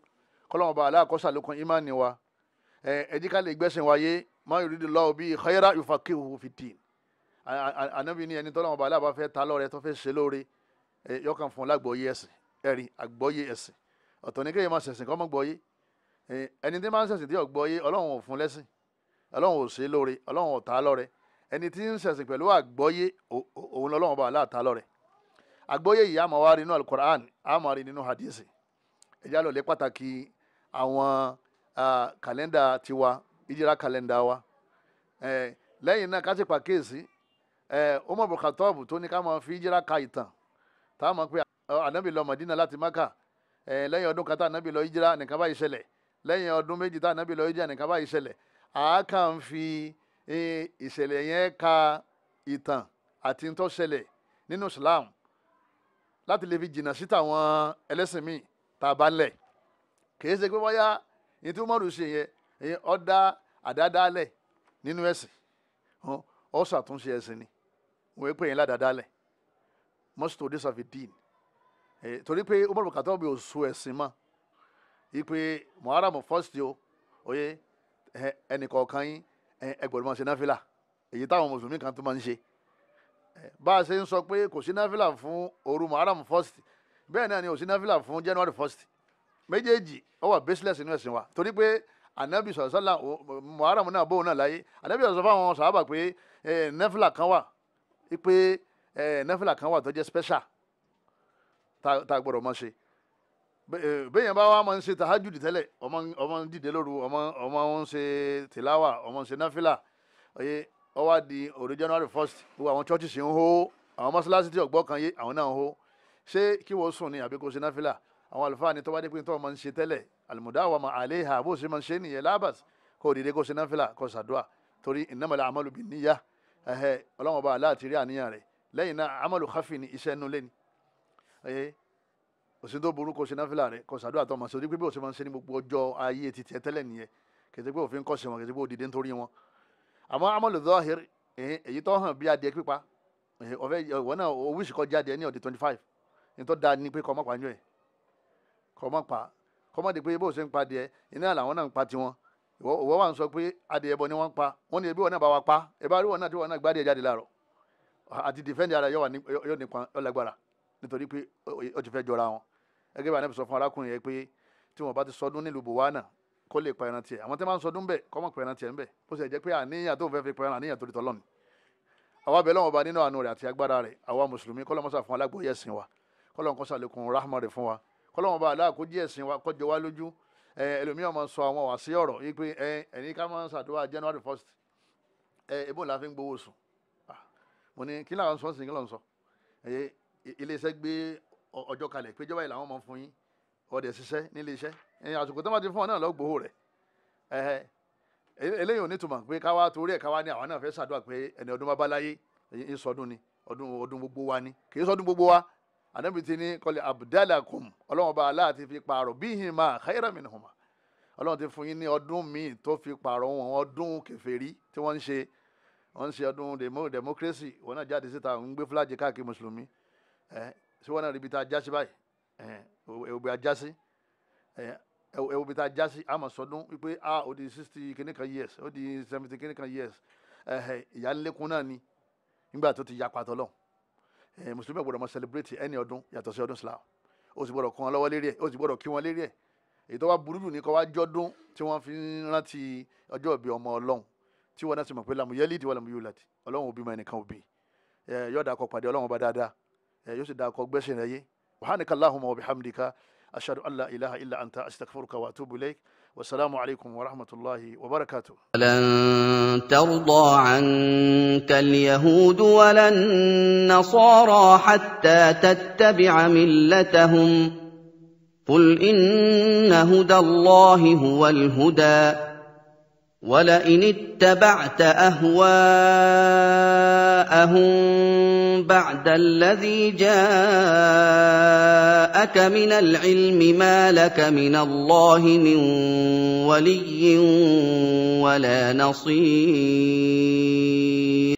kọ́lọ́hun Ọba Allah kó ṣàlékún ìmánì wa ẹ̀ẹ́díkà lè gbẹ́sìn wa ma yuridillahu bihi khayran yufaqihuhu fid-din ànábì ní ẹni tọ́lọ́mọba aláàbá fẹ́ ta lọ́rẹ́ tó fẹ́ ṣe lóore yọkàn fún lágbọ́yé ẹ̀sìn ẹ̀rí àgbọ́yé ẹ̀sìn ọ̀tọ̀ ní kéèyàn máa ṣẹ̀sìn kọ́ mọ́ gbọ́yé ẹni tí máa ń ṣẹ̀sìn tí ò gbọ́yé ọlọ́run ò fún lẹ́sìn ọlọ́run ò ṣe lóore ọlọ́run ò ta lọ́rẹ́ ẹni tí ń ṣẹ̀sìn pẹ̀lú àgbọ́yé òun lọ́lọ́run bá aláàta lọ́rẹ́ àgbọ́yé yìí àmọ́ wa rí nínú alukoran àmọ́ rí nínú hadisi ẹ̀já lọ́lẹ́ pàtàkì àwọn kàlẹ́ndà tiwa Ijira kàlẹ́ndà wa lẹ́yìn náà ká sì pàkíyèsí Umar bin Khattab tó ní ká máa fi ìjìra ka ìtàn tá mọ̀ pé ànábì lọ Madina láti Maka lẹ́yìn ọdún kan tá ànábì lọ ìjìra nìkan báyìí ṣẹlẹ̀ lẹ́yìn ọdún méjì tá ànábì lọ ìjìra nìkan báyìí ṣẹlẹ̀ àáká ń fi ìṣẹ̀lẹ̀ yẹn ka ìtàn àti ń tó ṣẹlẹ̀ nínú Islam láti lè fi jìnnà sí tàwọn ẹlẹ́sìn míì tá a pé wáyà ìtumọ̀rù ṣe yẹn ọ̀dà àdádálẹ̀ nínú ẹ̀sìn ó ṣàtúnṣe ẹ̀sìn ni wọ́n pè é ládàádálẹ̀ must to deserve dean torí pé Umar Khattab ò so ẹ̀sìn mọ́ ipe Muharram first o oye ẹnìkọ̀ọ̀kan yín ẹgbẹ̀rún máa ṣe náfìlà èyí táwọn mùsùlùmí kan tó máa ń ṣe bá a ṣe ń sọ pé kò sí náfìlà fún òru Muharram first bẹ́ẹ̀ náà ni ò sí náfìlà fún January first méjèèjì ó wà baseless nínú ẹ̀sìn wa torí pé anabi sọ̀sọ́là muharamu náà bóun náà láyé anabi sọ̀sọ́ fáwọn sàhábà pé nẹ́fìlà kan wà pé nẹ́fìlà kan wà tó jẹ́ special tá a gbọ́dọ̀ máa ṣe bẹ́yẹn bá wà máa ń ṣe tahajudi tẹ́lẹ̀ ọmọ ń dìde lóru ọmọ ń ṣe tìláwà ọmọ ń ṣe náfìlà oye ọwọ́ di òru january first gbogbo àwọn churches ń hó àwọn mọ́ṣáláṣí tí ọ̀gbọ́n kan yé àwọn náà ń hó ṣé kí wọ́n sùn ni àbí kò ṣe náfìlà àwọn àlùfáà ni tọ́wádé pé tọ́wọ́ máa ń ṣe tẹ́lẹ̀ almudawama aleha bó ṣe máa ń ṣe nìyẹn lábàs kó dìde kó ṣe náfìlà kó ṣàdúà torí innamal amalu bin niyya ẹ̀hẹ́ ọlọ́wọ́n bá aláàtì rí àníyàn rẹ̀ lẹ́yìn náà amalu hafi ni iṣẹ́ inú lẹ́ni ẹ̀hẹ́ òsín tó burú kó ṣe náfìlà rẹ̀ kó ṣàdúà tó máa ṣe orí pé bí ó ṣe máa ń ṣe ní gbogbo ọjọ́ ayé ti tẹ́ tẹ́lẹ̀ nìyẹn kẹsẹ̀ pé òfin kọ́sẹ̀ wọn kẹsẹ̀ pé òdìdé nítorí wọn àmọ́ amalu zahir èyí tó hàn bí adìẹ pípa ọ̀fẹ́ ìwọ náà owó ìṣìkọ́ jáde ní ọ̀dẹ̀ twenty five ní tó dáa pé kọ́ ọ pa ní ẹ̀ kọ́ pa kọ́mọ́dé pé bó ṣe ń pa adìẹ iná làwọn náà ń pa tiwọn ìwọ wà ń sọ pé adìẹ bọ ni wọ́n ń pa wọ́n ní ebi wọn náà bá wa pa ẹ bá rí wọn náà tí wọn náà gbádìẹ jáde láàrọ̀ àti dìfẹ́ndì ara yóò wà ní yóò nípa yóò lágbára nítorí pé ó ti fẹ́ jọra wọn gẹ́gẹ́ bí anabi sọ fún arákùnrin yẹn pé tí wọn bá ti sọdún nílùú buwana kó lè pẹran tiẹ̀ àwọn tí wọn máa ń sọdún bẹ́ẹ̀ kọ́ mọ̀ pẹran tiẹ̀ ń bó ṣe jẹ́ pé àníyàn tó fẹ́ fi pẹran àníyàn torí tọ́lọ́ni àwa bẹ̀ lọ́wọ́ ba nínú àánú rẹ̀ àti agbára rẹ̀ àwa mùsùlùmí kọ́lọ́mọ́sà fún alágbóyè ẹ̀sìn wa kọ́lọ́mọ́sà lè kun rahma rẹ̀ fún wa kọ́lọ́wọ́n bá aláàkó díẹ̀ sìn wa kọjọ wá lójú ẹlòmíràn máa sọ àwọn wàásí ọ̀rọ̀ yìí pé ẹ̀yin ká máa ń ṣàdúrà January first ebó la fi ń gbowó sùn mo ní kí làwọn sọ sí kí làwọn sọ iléeṣẹ́ gbé ọjọ́ kalẹ̀ pé ìjọba yìí làwọn máa ń fún yín ọ̀dẹ̀ ṣiṣẹ́ nílé iṣẹ́ àsìkò tó máa ti fún ọ náà lọ gbowó rẹ̀ eléyìí ò ní túmọ̀ pé káwá torí ẹ̀ káwá ní àwọn náà fẹ́ ṣàdúrà pé ẹni ọdún bá bá láyé ni ọdún gbogbo wa ni kì í sọdún gbogbo wa anabi ti ní kọ́lé abdalakum ọlọ́run ọba aláà ti fi pààrọ̀ bíhìmá khayra minhuma ọlọ́run ti fún yín ní ọdún míì tó fi pààrọ̀ wọn ọdún kèfèrí tí wọ́n ń ṣe wọ́n ń ṣe ọdún democracy wọn náà jáde síta ń gbé fúlájì káàkiri mùsùlùmí ẹ sí wọn náà ríbi tá a já sí báyìí ẹ òbí a já sí ẹ òbí tá a já sí àmọ̀ wípé a ó di sixty kìnnìkan years ó di seventy kìnnìkan years ẹ ìyá ńlẹ́kùn náà ni nígbà tó ti yapa tọ́lọ́hún Eh, mùsùlùmí gbọ́dọ̀ máa celebrate ẹni ọdún yàtọ̀ sí ọdún Islam ó sì gbọ́dọ̀ kún wọn lọ́wọ́ lérí ẹ̀ ó sì gbọ́dọ̀ kí wọn lérí ẹ̀ èyí tó wá burú jù ní kọ́ wá jọ́dún tí wọ́n fi rántí ọjọ́ ìbí ọmọ ọlọ́run tí wọ́n náà sì mọ̀ pé lamu yẹ́lí ìdíwọ́ lamu yúlàdì ọlọ́run òbí mọ ẹnìkan òbí eh, yóò dáa kọ pàdé ọlọ́run ọba dáadáa eh, yóò sì dáa kọ gbẹ́sìn rẹ̀ yé wàhánìkà Allahumma wa bihamdika ashhadu an ilaha illa anta astaghfiruka wa atubu ilayk والسلام عليكم ورحمة الله وبركاته لن ترضى عنك اليهود ولا النصارى حتى تتبع ملتهم قل إن هدى الله هو الهدى ولئن اتبعت اهواءهم بعد الذي جاءك من العلم ما لك من الله من ولي ولا نصير